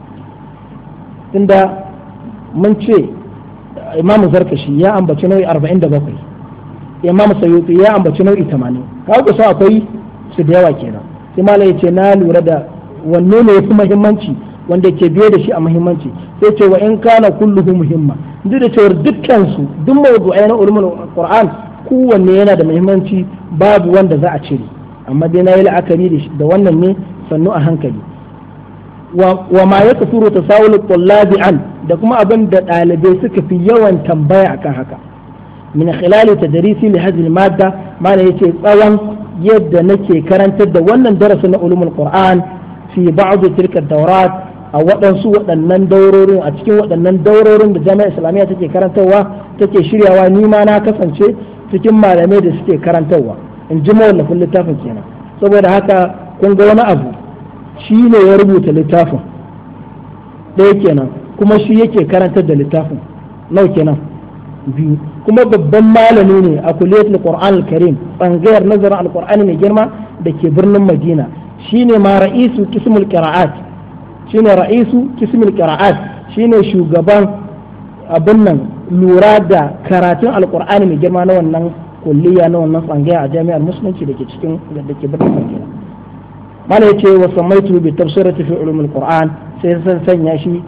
tunda mun ce imamu zarkashi ya ambaci nau'i arba'in da bakwai imamu sayuti ya ambaci nau'i tamanin ka kusa akwai su da yawa kenan sai malai ya ce na lura da wanne ne yafi muhimmanci wanda ke biye da shi a muhimmanci sai ce wa in kana kulluhu muhimma duk da cewa dukkan su duk mawdu'ai na ulumul qur'an kowanne yana da muhimmanci babu wanda za a cire amma dai na yi la'akari da wannan ne sannu a hankali wa ma yakthuru tasawul tullabi an da kuma abin da ɗalibai suka fi yawan tambaya akan haka min khilali tadrisi li hadhihi madda mana yace tsawon yadda nake karantar da wannan darasin na ulumul qur'an fi ba'd tilka dawrat a waɗansu waɗannan daurorin a cikin waɗannan daurorin da jami'a islamiyya take karantarwa take shiryawa ni ma na kasance cikin malamai da suke karantarwa in ji mawallafin littafin kenan saboda haka kun ga wani abu shi ne ya rubuta littafin ɗaya kenan kuma shi yake karantar da littafin nau kenan biyu kuma babban malami ne a kuliyatul qur'an al-karim tsangayar nazarin al-qur'an mai girma da ke birnin madina shine ma ra'isu qismul qira'at shine ra'isu qismul qira'at shine shugaban abin nan lura da karatun al-Qur'an mai girma na wannan kulliya na wannan tsangaya a jami'ar musulunci da ke cikin da ke birnin madina mala yace wa samaitu bi tafsirati fi ulumul qur'an sai san sanya shi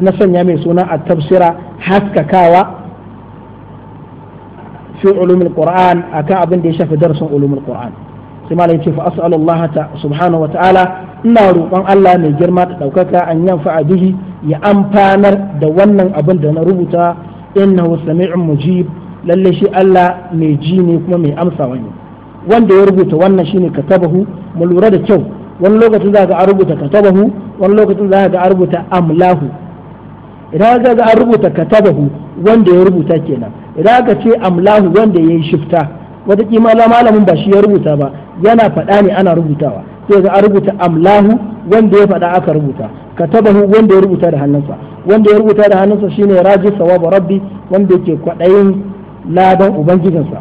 na sanya mai suna a tafsira haskakawa fi ulumin qur'an akan abin da ya shafi darasin ulumin qur'an sai malai ce fa as'alu Allah ta subhanahu wa ta'ala ina roƙon Allah mai girma ta daukaka an yanfa bihi ya amfanar da wannan abin da na rubuta innahu sami'un mujib lalle shi Allah mai ji ne kuma mai amsa wani wanda ya rubuta wannan shine katabahu mu lura da kyau wani lokacin za ga rubuta katabahu wani lokacin za a rubuta amlahu idan aka ga an rubuta katabahu wanda ya rubuta kenan idan aka ce amlahu wanda ya yi shifta wata kima malamin ba shi ya rubuta ba yana faɗa ne ana rubutawa sai ga an rubuta amlahu wanda ya faɗa aka rubuta katabahu wanda ya rubuta da hannunsa wanda ya rubuta da hannunsa shine raji sawabu rabbi wanda yake kwaɗayin ladan ubangijinsa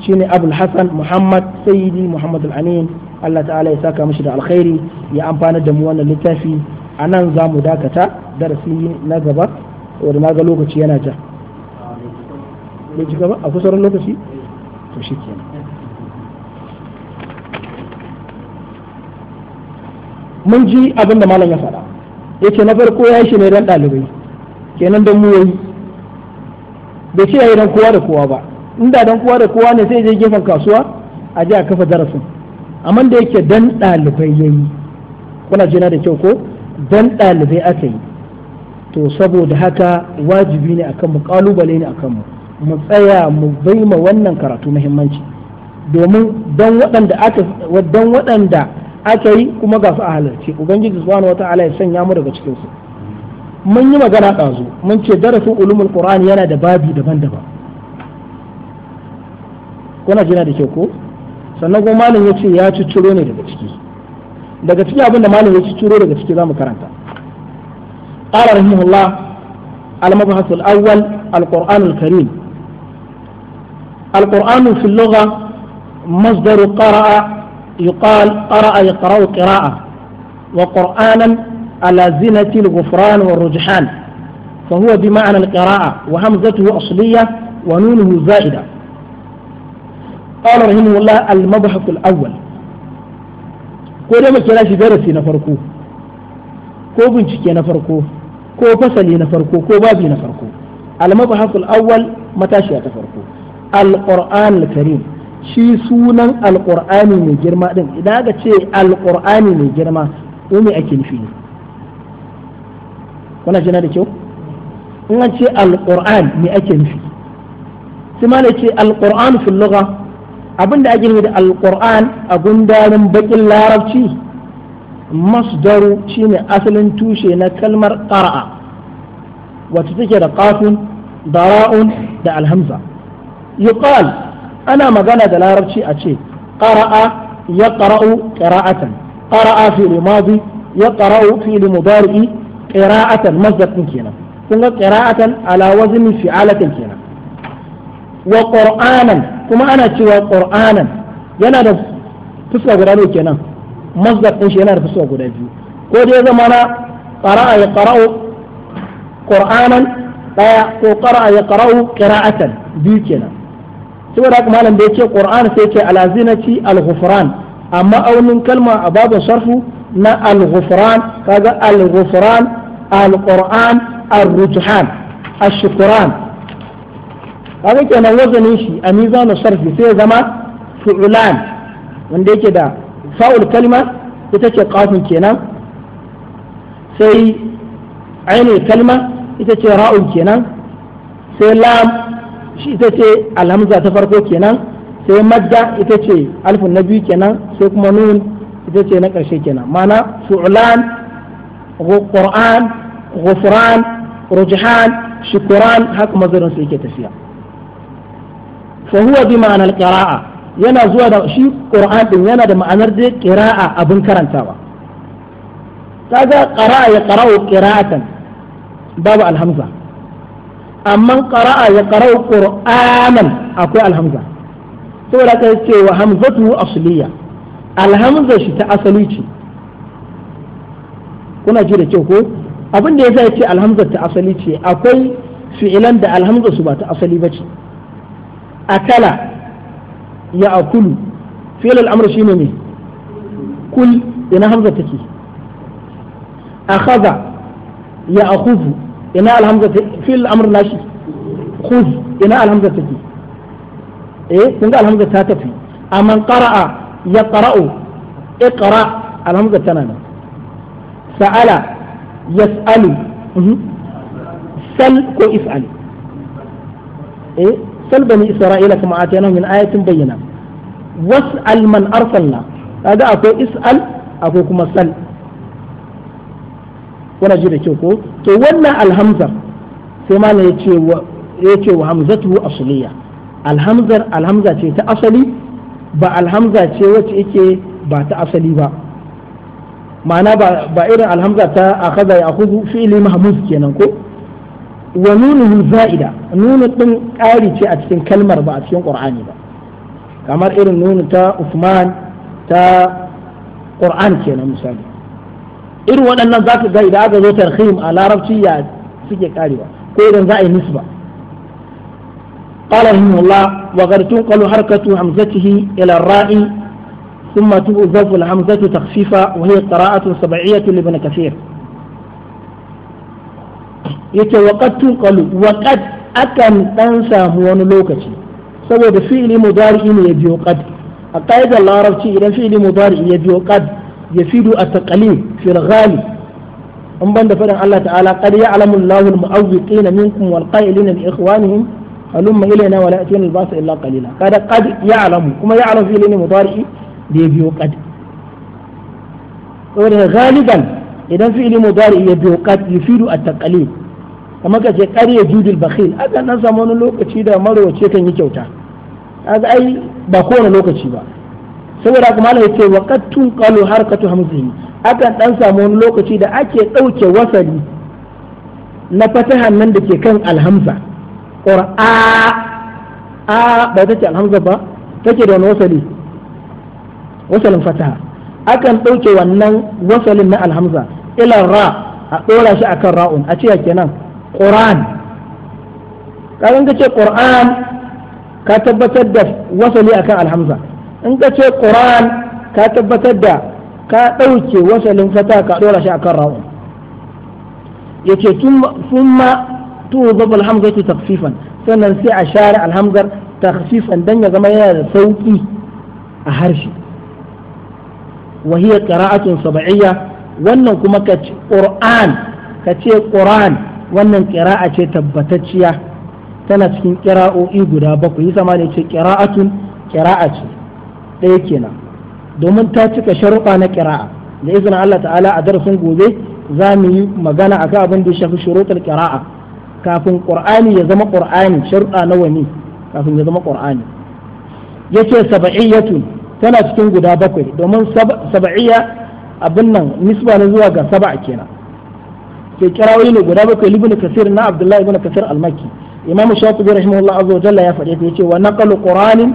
shine abul hasan muhammad sayyidi muhammad al-amin Allah ta'ala ya saka mishi da alkhairi ya amfana da mu wannan littafi a nan za mu dakata darasi na gaba wadda na ga lokaci yana ja bai ji gaba a kusurin lokaci to shi kenan mun ji abin da malam ya faɗa ce na farko ya shi ne dan ɗalibai kenan don mu yayi bai ce yi don kowa da kowa ba inda dan kowa da kowa ne sai je gefen kasuwa a ji a kafa darasin amma da yake dan ɗalibai yi kuna jina da kyau ko dan ɗalibai aka yi to saboda haka wajibi ne akan mu kalubale ne akan mu mu tsaya mu baima wannan karatu muhimmanci domin don waɗanda aka don waɗanda aka yi kuma ga su a halarci ubangiji subhanahu wata'ala ya sanya mu daga cikin su mun yi magana ɗazu mun ce darasin ulumul qur'ani yana da babi daban-daban kuna jina da kyau ko sannan kuma malam ya ce ya cicciro ne daga ciki daga cikin abin da malam ya ci ciro daga cikin zamu karanta qala rahimahullah al-mabhath al-awwal al-qur'an al-karim al-qur'an fi al-lugha مصدر قرأ يقال قرأ يقرأ قراءة وقرآنا على زنة الغفران والرجحان فهو بمعنى القراءة وهمزته أصلية ونونه زائدة قال رحمه الله المبحث الأول ko dai mu kira shi darasi na farko ko bincike na farko ko fasali na farko ko babi na farko al-mabhath awwal matashiya ta farko al-qur'an al-karim shi sunan al-qur'ani mai girma din idan aka ce al-qur'ani mai girma ko me ake nufi kuna jina da kyau in an ce al-qur'an me ake nufi sai ma ce al-qur'an fil lugha abin da ake nufi da alƙur'an a gundarin baƙin larabci masdaru shine asalin tushe na kalmar ƙara'a wacce take da ƙafin dara'un da alhamza yuqal ana magana da larabci a ce ƙara'a ya ƙara'u ƙira'atan ƙara'a fi limadi ya ƙara'u fi limudari'i ƙira'atan masdar ɗin kenan kun ga ƙira'atan ala wazni fi'alatan kenan wa qur'anan kuma ana cewa qur'anan yana da fuska guda ne kenan masdar din shi yana da fuska guda biyu ko dai zama na qara'a ya qara'u qur'anan daya ko qara'a ya qara'u qira'atan biyu kenan saboda haka malam da yake qur'an sai yake alazinati al-ghufran amma aunin kalma a babin sarfu na al-ghufran kaga al-ghufran al-qur'an ar-rujhan ash-shukran haka kenan wazanin shi a mizanu sarfi sai ya zama fi'ulan wanda yake da fa'ul kalma ita ce qafin kenan sai ainihin kalma ita ce ra'un kenan sai lam shi ita ce alhamza ta farko kenan sai madda ita ce alfun na biyu kenan sai kuma nun ita ce na ƙarshe kenan mana fu'lan kur'an ghufran rujhan shukuran haka mazarin su yake tafiya fa huwa bi ma'anar qira'a yana zuwa da shi qur'an din yana da ma'anar da qira'a abin karantawa kaga qara'a ya qara'u qira'atan babu alhamza amma qara'a ya qara'u qur'anan akwai alhamza saboda kai ce wa hamzatu asliya alhamza shi ta asali ce kuna ji da kyau ko abin da ya ce alhamza ta asali ce akwai fi'ilan da alhamza su ba ta asali ba ce akala ya akulu fi'il al'amr shi ne kul ina hamza take akhadha ya akhufu ina alhamza fi'il al'amr nashi khuz ina alhamza take eh kun ga alhamza ta tafi amma qara'a ya qara'u iqra alhamza tana nan sa'ala yas'alu sal ko is'al eh sal bani isra'ila kama atayna min ayatin bayyana was'al man arsalna kaga akwai is'al akwai kuma sal wannan ji da kyau ko to wannan alhamzar sai malam ya ce wa ya wa hamzatu asliya alhamzar alhamza ce ta asali ba alhamza ce wacce yake ba ta asali ba ma'ana ba irin alhamza ta akhadha ya akhudhu fi'li mahmud kenan ko wa nunuhu za'ida nunu din ƙari ce a cikin kalmar ba a cikin qur'ani ba kamar irin nunu ta Usman ta qur'an kenan misali irin waɗannan za ka ga idan aka zo tarhim a larabci ya suke karewa ko idan za a yi nisba قال رحمه الله وقد تنقل حركة همزته إلى الراء ثم تؤذف الهمزة تخفيفا وهي قراءة سبعية لابن كثير yake waqad tunqalu waqad akan ɗan samu wani lokaci saboda fi'ili mudari ne ya biyo qad a ƙa'idar larabci idan fi'ili mudari ya biyo qad yafidu at-taqlim fil ghalib an ban da faɗin Allah ta'ala qad ya'lamu Allahu al-mu'awwiqina minkum wal qa'ilina li ikhwanihim halumma ilayna wa la atina al-ba'sa illa qalila kada qad ya'lamu kuma ya'lamu fi'li mudari da ya biyo qad saboda galiban idan fi'ili mudari ya biyo kat yufidu at-taqlid kamar ka ce ya judul bakhil aka nan samu wani lokaci da marwace kan yi kyauta kaga ai ba kowane lokaci ba saboda kuma Allah yace wa qad tunqalu harakatu hamzihi aka dan samu wani lokaci da ake dauke wasali na fatahan nan da ke kan alhamza qur'a a ba ta ce alhamza ba take da wani wasali wasalin fataha akan ɗauke wannan wasalin na alhamza ila ra a ɗora shi akan ra'un a ce kenan ƙoran kagan ka ce ƙoran ka tabbatar da wasali akan alhamza in ka ce ƙoran ka tabbatar da ka ɗauke wasalin fata ka ɗora shi akan ra'un yake summa alhamza ta takfifan sannan sai a share alhamzar takfifan dan ya zama yana da sauki a harshe Wahiyar hiya qira'atun wannan kuma ka ce ƙur'an ka ce qur'an wannan ƙira'a ce tabbatacciya tana cikin ƙira'o'i guda bakwai yasa ma ne ce qira'atun ƙira'a ce ɗaya kenan domin ta cika sharuɗa na ƙira'a. da izinin Allah ta'ala a darasin gobe za mu yi magana akan abin da ya shafi shuruɗul ƙira'a. kafin ƙur'ani ya zama ƙur'ani sharuɗa nawa ne kafin ya zama qur'ani yace sab'iyyatun tana cikin guda bakwai domin saba'iya abin nan nisba na zuwa ga saba'a kenan ke kirawoyi ne guda bakwai libin kasir na abdullahi ibn kasir almaki imam shafi bi rahimahullah azza wa jalla ya faɗe ta yace wa naqalu qur'anin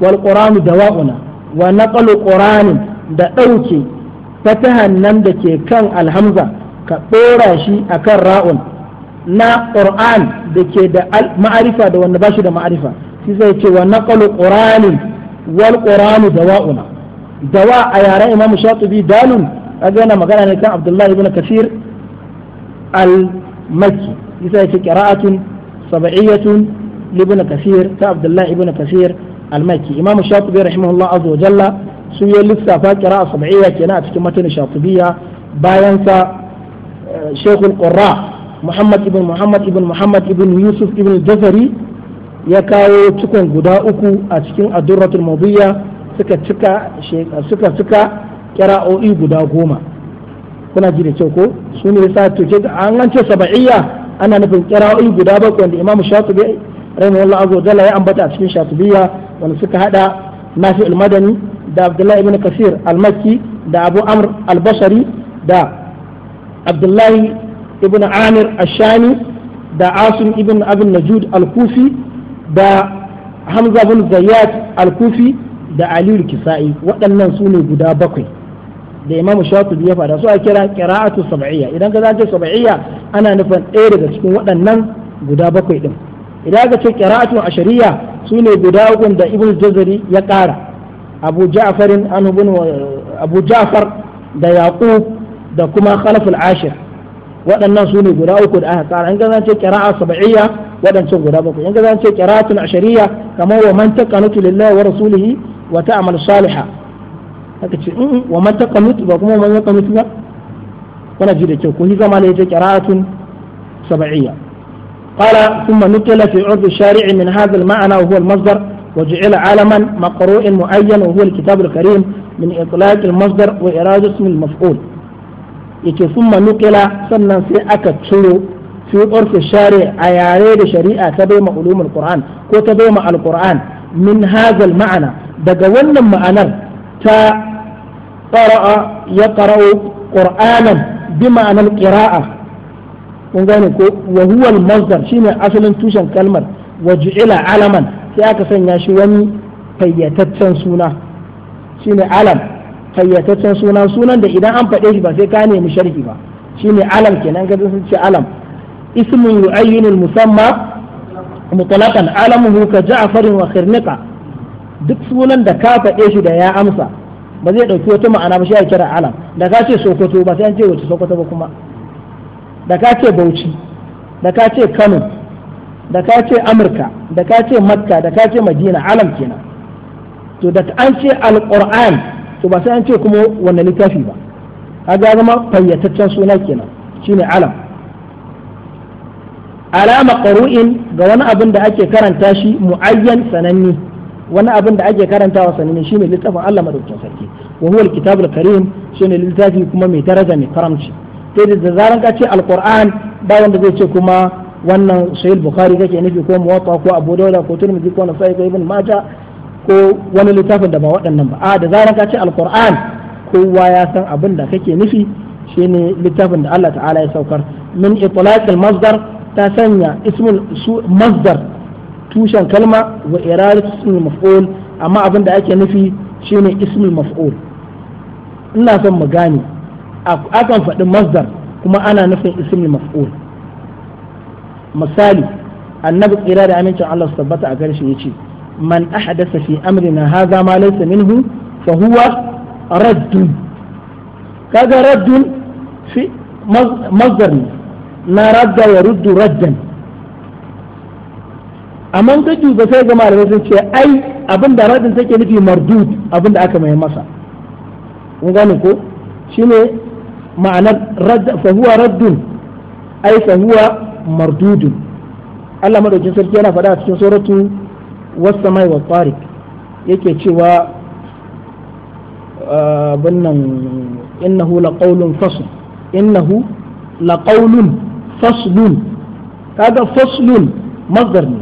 wal qur'anu dawa'una wa naqalu qur'anin da ɗauke fatahan nan da ke kan alhamza ka ɗora shi akan ra'un na qur'an da ke da ma'arifa da wanda ba shi da ma'arifa sai zai ce wa naqalu qur'anin wal qur'anu dawa'una dawa a yaren imamu shatibi dalun kaga yana magana ne kan abdullahi ibn kasir al makki yasa yake qira'atun sab'iyyatun ibn kasir ta abdullahi ibn kasir al makki imamu shatibi rahimahullah azza wa jalla sun yi lissafa qira'a sab'iyya kenan a cikin matan shatibiyya bayan sa eh, shaykhul qurra muhammad ibn muhammad yusuf ibn jazari ya kawo cikon guda uku a cikin adurratul mabiyya suka cika suka suka guda goma kuna ji da ko su ne yasa to ke an an ce saba'iyya ana nufin kira'o'i guda bakwai da Imam Shatibi rahimahullah azza jalla ya ambata a cikin Shatibiyya wanda suka hada Nafi al-Madani da Abdullah ibn Kasir al-Makki da Abu Amr al da Abdullahi ibn Amir al shani da Asim ibn Abin Najud al-Kufi da hamza bin zayyad al-kufi da aliyu kisa'i waɗannan su ne guda bakwai da imam shatubi ya fada su a kira qira'atu sab'iyya idan ka zace sab'iyya ana nufin ɗaya daga cikin waɗannan guda bakwai din idan ka ce qira'atu ashariya su ne guda uku da ibn jazari ya ƙara abu ja'farin an ibn abu ja'far da yaqub da kuma khalaf al-ashir waɗannan su ne guda uku da aka ƙara in ka zace qira'a sab'iyya waɗancan guda bakwai in ga zan ce qira'atun ashariya kamar wa man taqanutu lillahi wa rasulihi wa ta'mal salihah haka ce in wa man taqanutu ba kuma man taqanutu ba kuna ji da kyau ko hiza ma ne ce qira'atun sab'iyya قال ثم نقل في عرض الشارع من هذا المعنى وهو المصدر وجعل علما مقروء معين وهو الكتاب الكريم من إطلاق المصدر وإرادة اسم المفعول يتي ثم نقل سنن سي أكا تشيو fi urfi a yare da shari'a ta bai ma ulumul qur'an ko ta bai ma alqur'an min hazal ma'ana daga wannan ma'anar ta qara'a ya qara'u qur'anan bi ma'anar qira'a kun ko wahuwar huwa masdar shine asalin tushen kalmar wa ju'ila alaman sai aka sanya shi wani fayyataccen suna shine alam fayyataccen suna sunan da idan an faɗe shi ba sai ka nemi sharhi ba shine alam kenan ga sun ce alam اسم يعين المسمى مطلقا علمه كجعفر وخرنقة duk sunan da ka faɗe shi da ya amsa ba zai ɗauki wata ma'ana ba shi ya kira alam da ka ce sokoto ba sai an ce wace sokoto ba kuma da ka ce bauchi da ka ce kano da ka ce amurka da ka ce makka da ka ce madina alam kenan to da an ce Alƙur'an, to ba sai an ce kuma wannan littafi ba kaga zama fayyataccen suna kenan shine alam alama qaru'in ga wani abin da ake karanta shi mu'ayyan sananni wani abin da ake karantawa sananni shine littafin Allah madaukakin sarki wa huwa alkitabul karim shine littafi kuma mai daraja mai karamci sai da zaran ka ce alquran ba wanda zai ce kuma wannan sahih bukhari kake nufi ko muwatta ko abu dauda ko turmiji ko nasai ko ibn majah ko wani littafin da ba waɗannan ba a da zaran ka ce alquran kowa ya san abin da kake nufi shine littafin da Allah ta'ala ya saukar min itlaq al-masdar ta sanya su masdar tushen kalma wa iradatu ismin maf'ul amma abin da ake nufi shine ismin maf'ul ina son mu gane akan faɗi masdar kuma ana nufin ismin maf'ul misali annabi tsira da amincin Allah su tabbata a garshi shi ce man ahdasa fi amrina hadha ma laysa minhu fa huwa raddun kaga raddun fi mazdar ne na radda ya ruddu raddan amma ka duba sai ga malamai sun ce ai abin da raddin take nufi mardud abin da aka mai masa kun gane ko shine ma'anar radda fa huwa raddun ai fa huwa mardudun Allah madaukin sarki yana faɗa a cikin suratu was-samai was-tariq yake cewa ah, abin nan innahu laqawlun fasl innahu laqawlun faslun kaga faslun masdar ne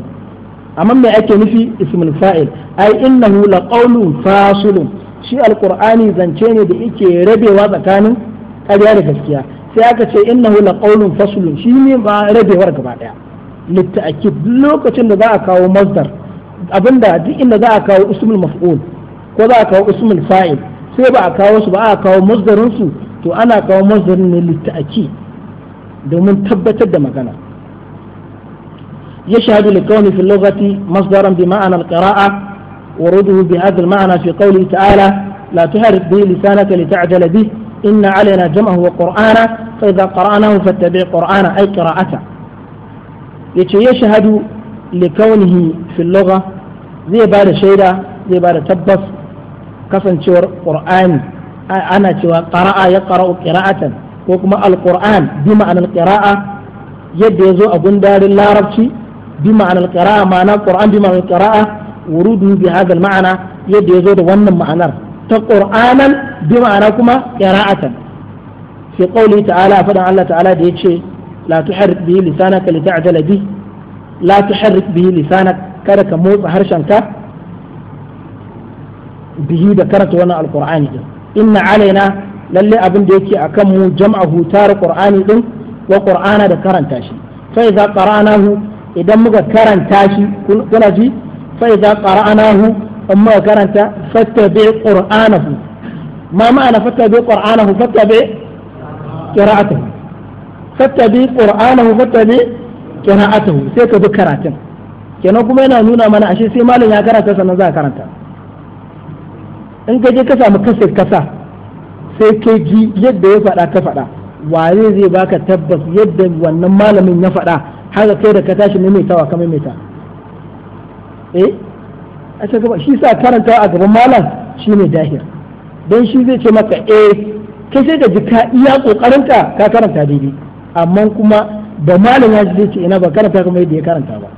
amma me ake nufi ismul fa'il ai innahu laqawlun fasulun shi alqur'ani zance ne da yake rabewa tsakanin ƙarya da gaskiya sai aka ce innahu laqawlun faslun shi ne ba rabewar gaba daya litta'kid lokacin da za a kawo mazdar, abinda duk inda za a kawo ismul maf'ul ko za a kawo ismul fa'il sai ba a kawo su ba a kawo masdarin su to ana kawo masdarin ne litta'kid domin tabbatar da magana يشهد لكون في اللغة مصدرا بمعنى القراءة وروده بهذا المعنى في قوله تعالى لا تحرك به لسانك لتعجل به إن علينا جمعه وقرآنه فإذا قرأناه فاتبع قرآنه أي قراءته يشهد لكونه في اللغة زي بعد شيدا زي بعد تبص كفن شور قرآن أنا شوى قرأ يقرأ قراءة ko kuma alquran bi ma'anar qira'a yadda ya zo a gundarin larabci bi ma'anar qira'a ma'ana qur'an bi ma'anar qira'a wurudu bi hadha ma'ana yadda ya zo da wannan ma'anar ta qur'anan bi ma'ana kuma qira'atan fi qawli ta'ala fadan Allah ta'ala da yace la tuharrik bihi lisanaka lita'jala bi la tuharrik bihi lisanaka kada ka motsa harshenka bihi da karanta wannan alqur'ani din inna alaina lalle abin da yake akan mu jama'a tare qur'ani din wa qur'ana da karanta shi fa idza qara'nahu idan muka karanta shi kuna ji fa idza qara'nahu amma karanta fattabi qur'anahu ma ma'ana fattabi qur'anahu fattabi qira'atahu fattabi qur'anahu fattabi qira'atahu sai ka bi karatun kenan kuma yana nuna mana ashe sai malam ya karanta sannan za ka karanta in ka je ka samu kasir kasa sai ka ji yadda ya faɗa ka faɗa waye zai baka tabbas yadda wannan malamin ya faɗa haka kai da ka tashi maimaitawa ka maimaita eh a ce gaba shi sa karanta a gaban malam shine dahir dan shi zai ce maka eh kai sai ka ji ka iya kokarin ka karanta daidai amma kuma da malam ya ji zai ce ina ba karanta kuma yadda ya karanta ba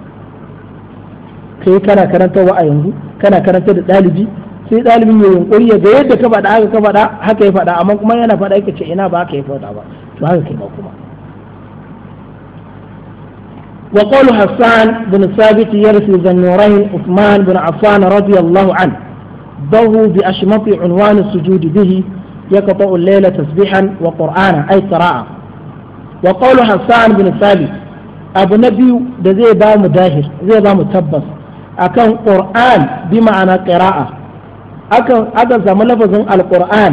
kai kana karantarwa a yanzu kana karantar da ɗalibi sai ɗalibin ya yunkuri ya ga yadda ka faɗa haka ka faɗa haka ya faɗa amma kuma yana faɗa yake ce ina ba haka ya faɗa ba to haka kai ba kuma wa qawlu Hassan bin Sabit yarsu zannurain usman bin Affan radiyallahu an bahu bi ashmati unwan as-sujud bihi yaqta'u al-layla tasbihan wa qur'ana ay qira'a wa qawlu Hassan bin Sabit abu na biyu da zai ba mu dahir zai ba mu tabbas akan qur'an bi ma'ana qira'a akan akan samu lafazin alquran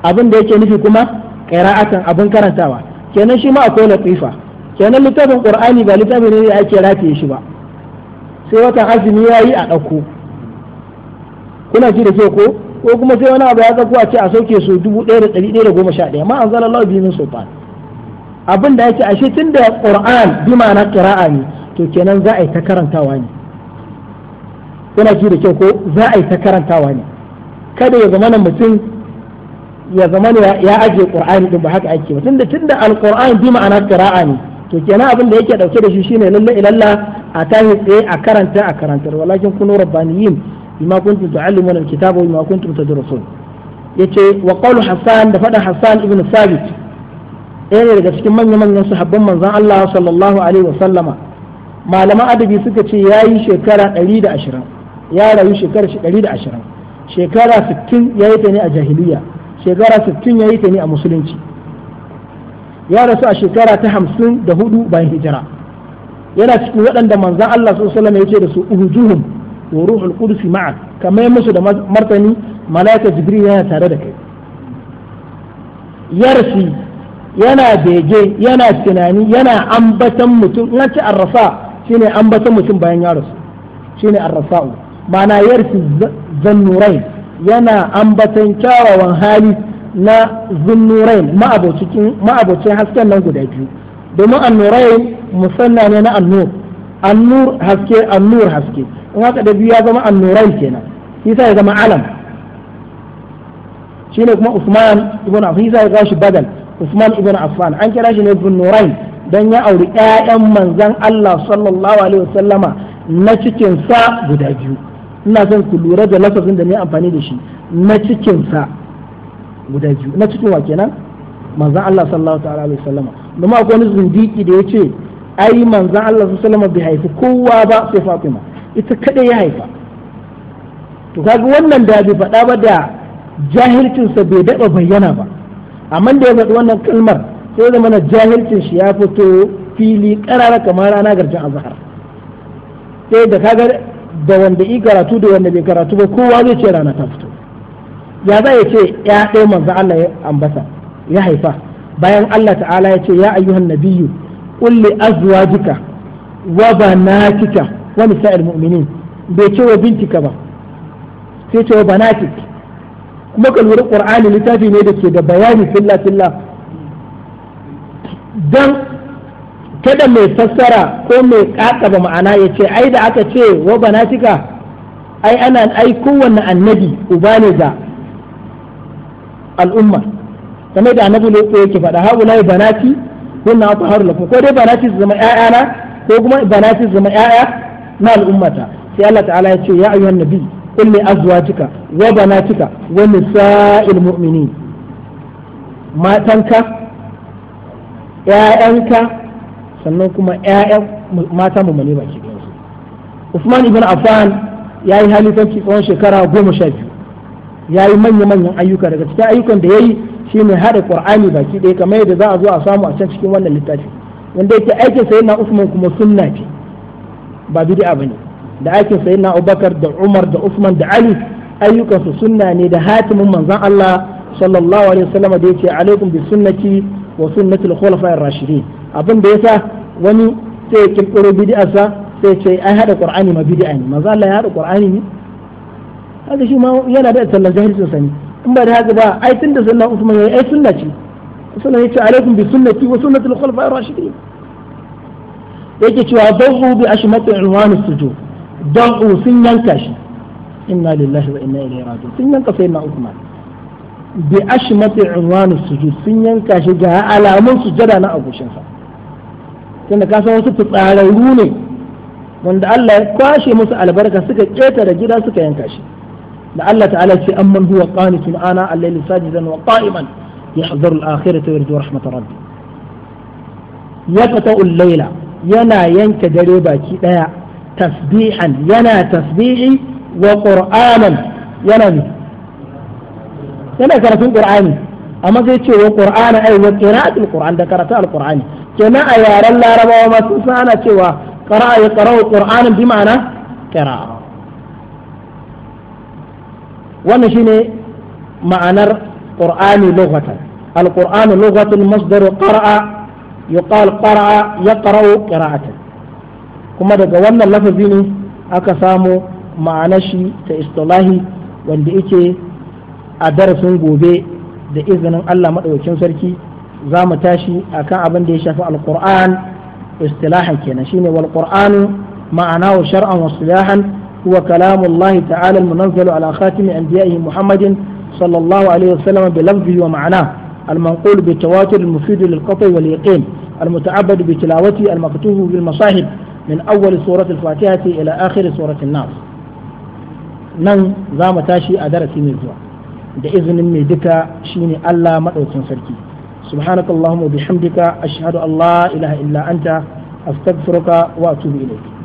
abin da yake nufi kuma qira'atan abin karantawa kenan shi ma akwai latifa kenan littafin qur'ani ba littafin ne da ake rataye shi ba sai wata azumi yayi a dauko kuna ji da ke ko ko kuma sai wani abu ya dauko a ce a sauke su 1111 ma anzalallahu bi min sultan abin da yake ashe da qur'an bi ma'ana qira'a ne to kenan za a yi ta karantawa ne kuna ji da kyau ko za a yi ta karantawa ne kada ya zama mutum ya zama ya ajiye qur'ani din ba haka ake ba tunda tunda alqur'an bi ma'ana qira'a ne to kenan abin da yake dauke da shi shine lalle ilalla a tahi tsaye a karanta a karantar walakin kunu rabbaniyin bima kuntum tu'allimuna alkitaba wa bima kuntum tadrusun yace wa qawlu hasan da faɗa hasan ibn sabit ɗaya daga cikin manya manyan sahabban manzon Allah sallallahu alaihi wa sallama malaman adabi suka ce ya yi shekara 120 ya rayu shekara 120 shekara sittin ya yi ta ne a jahiliya shekara sittin ya yi ta ne a musulunci ya rasu a shekara ta hamsin da hudu bayan hijira yana cikin waɗanda manzan Allah su salama ya ce da su uhujuhum wa ruhul kudusi ma'a kamar yi musu da martani malaka jibril yana tare da kai ya rasu yana bege yana tunani yana ambatan mutum na ce arrafa shine ambatan mutum bayan ya rasu shine arrafa'u mana yarfi zannurai yana ambaton kyawawan hali na zannurai ma'abocin hasken nan guda biyu domin annurai musanna ne na annur annur haske annur haske in haka da biyu ya zama annurai kenan isa ya zama alam shine kuma Usman ibn Affan isa ya gashi badal Usman ibn Affan an kira shi ne zannurai dan ya auri ƴaƴan manzon Allah sallallahu alaihi wasallama na cikin sa guda biyu ina son ku lura da lafazin da ne amfani da shi na cikin sa guda biyu na cikin wa kenan manzon Allah sallallahu ta'ala alaihi wasallama domin akwai wani zindiki da yace ai manzon Allah sallallahu alaihi wasallama bai haifi kowa ba sai Fatima ita kadai ya haifa to kaga wannan da bai faɗa ba da jahilcinsa bai daba bayyana ba amma da ya faɗi wannan kalmar sai da mana jahilcin shi ya fito fili karara kamar rana garjin azhar sai da kaga da wanda yi karatu da wanda bai karatu ba kowa zai ce rana ta fito ya za ya ce ya ɗaya manzo Allah ya ambata ya haifa bayan Allah ta'ala ya ce ya ayyuhan nabiyyu qul li azwajika wa banatika wa nisa'il mu'minin bai ce wa bintika ba sai ce wa banatik kuma ka lura qur'ani littafi ne da ke da bayani filla filla dan kada mai fassara ko mai kakaba ma'ana ya ce ai da aka ce wa banatika ai ana ai kowanne annabi uba ne ga al'umma kamar da annabi ne yake faɗa haula banati na atahar lakum ko dai banati zama ƴaƴana ko kuma banati zama ƴaƴa na al'ummata sai Allah ta'ala ya ce ya ayyuhan nabi qul li azwajika wa banatika wa nisa'il mu'minin matanka ƴaƴanka sannan kuma ƴaƴan mata mu mane baki da su Usman ibn Affan ya yi halifanci tsawon shekara goma sha biyu ya yi manya-manyan ayyuka daga cikin ayyukan da ya yi shi ne haɗa Ƙur'ani baki ɗaya kamar yadda za a zo a samu a can cikin wannan littafi wanda yake aikin sayi Usman kuma sunna ce ba bid'a ba ne da aikin sayi na Abubakar da Umar da Usman da Ali ayyukansu sunna ne da hatimin manzon Allah sallallahu alaihi wasallam da yake alaikum bi sunnati wa sunnatul khulafa'ir rashidin abin da yasa wani sai ya kirkiro bid'arsa sai ce ai hada qur'ani ma bid'a ne manzo Allah ya hada qur'ani ne haka shi ma yana da sallar jahilcin sani in ba da haka ba ai tunda sunna Usman yayi ai sunna ce sunna yace alaikum bi sunnati wa sunnati al-khulafa'ir rashidin yake cewa dawu bi ashmati unwan sujud dawu sun yanka shi inna lillahi wa inna ilaihi raji'un sun yanka na Usman bi ashmati unwan sujud sun yanka shi ga alamun sujada na agushin sa tunda ka san wasu fitsararru ne wanda Allah ya kwashe musu albarka suka ƙetare gida suka yanka shi da Allah ta'ala ce amman huwa qanitun ana al-layli sajidan wa qa'iman yahdharu al-akhirata wa yarju rahmat rabbi yaqta'u al-layla yana yanke dare baki daya tasbihan yana tasbihi wa qur'anan yana yana karatun qur'ani amma zai ce wa qur'ana ai wa qira'atul qur'an da karatu alqur'ani kenan a yaren larabawa ma sun cewa qara'a ya qara'u qur'anan bi ma'ana qira'a wannan shine ma'anar qur'ani lughatan القرآن لغة المصدر قرأ يقال قرأ يقرأ قراءة كما دقا وانا لفظيني أكا سامو معنشي تإصطلاحي gobe da izinin Allah maɗaukin sarki za mu tashi a kan abin da ya shafi alƙur'an istilahan kenan shine wal qur'anu ma'ana wa shar'an wa silahan huwa kalamullahi ta'ala al-munazzalu ala khatimi anbiya'ihi muhammadin sallallahu alaihi wa sallam bi lafzihi wa ma'ana al-manqul bi tawatur al-mufid lil qat'i wal yaqin al-muta'abbad bi tilawati al-maktub bil masahib min awwal surati al-fatihah ila akhir surati an-nas nan za mu tashi a darasi mai zuwa da izinin mai duka shine Allah maɗaukin sarki subhanakallahumma bihamdika ashhadu an la ilaha illa anta astaghfiruka wa atubu ilayk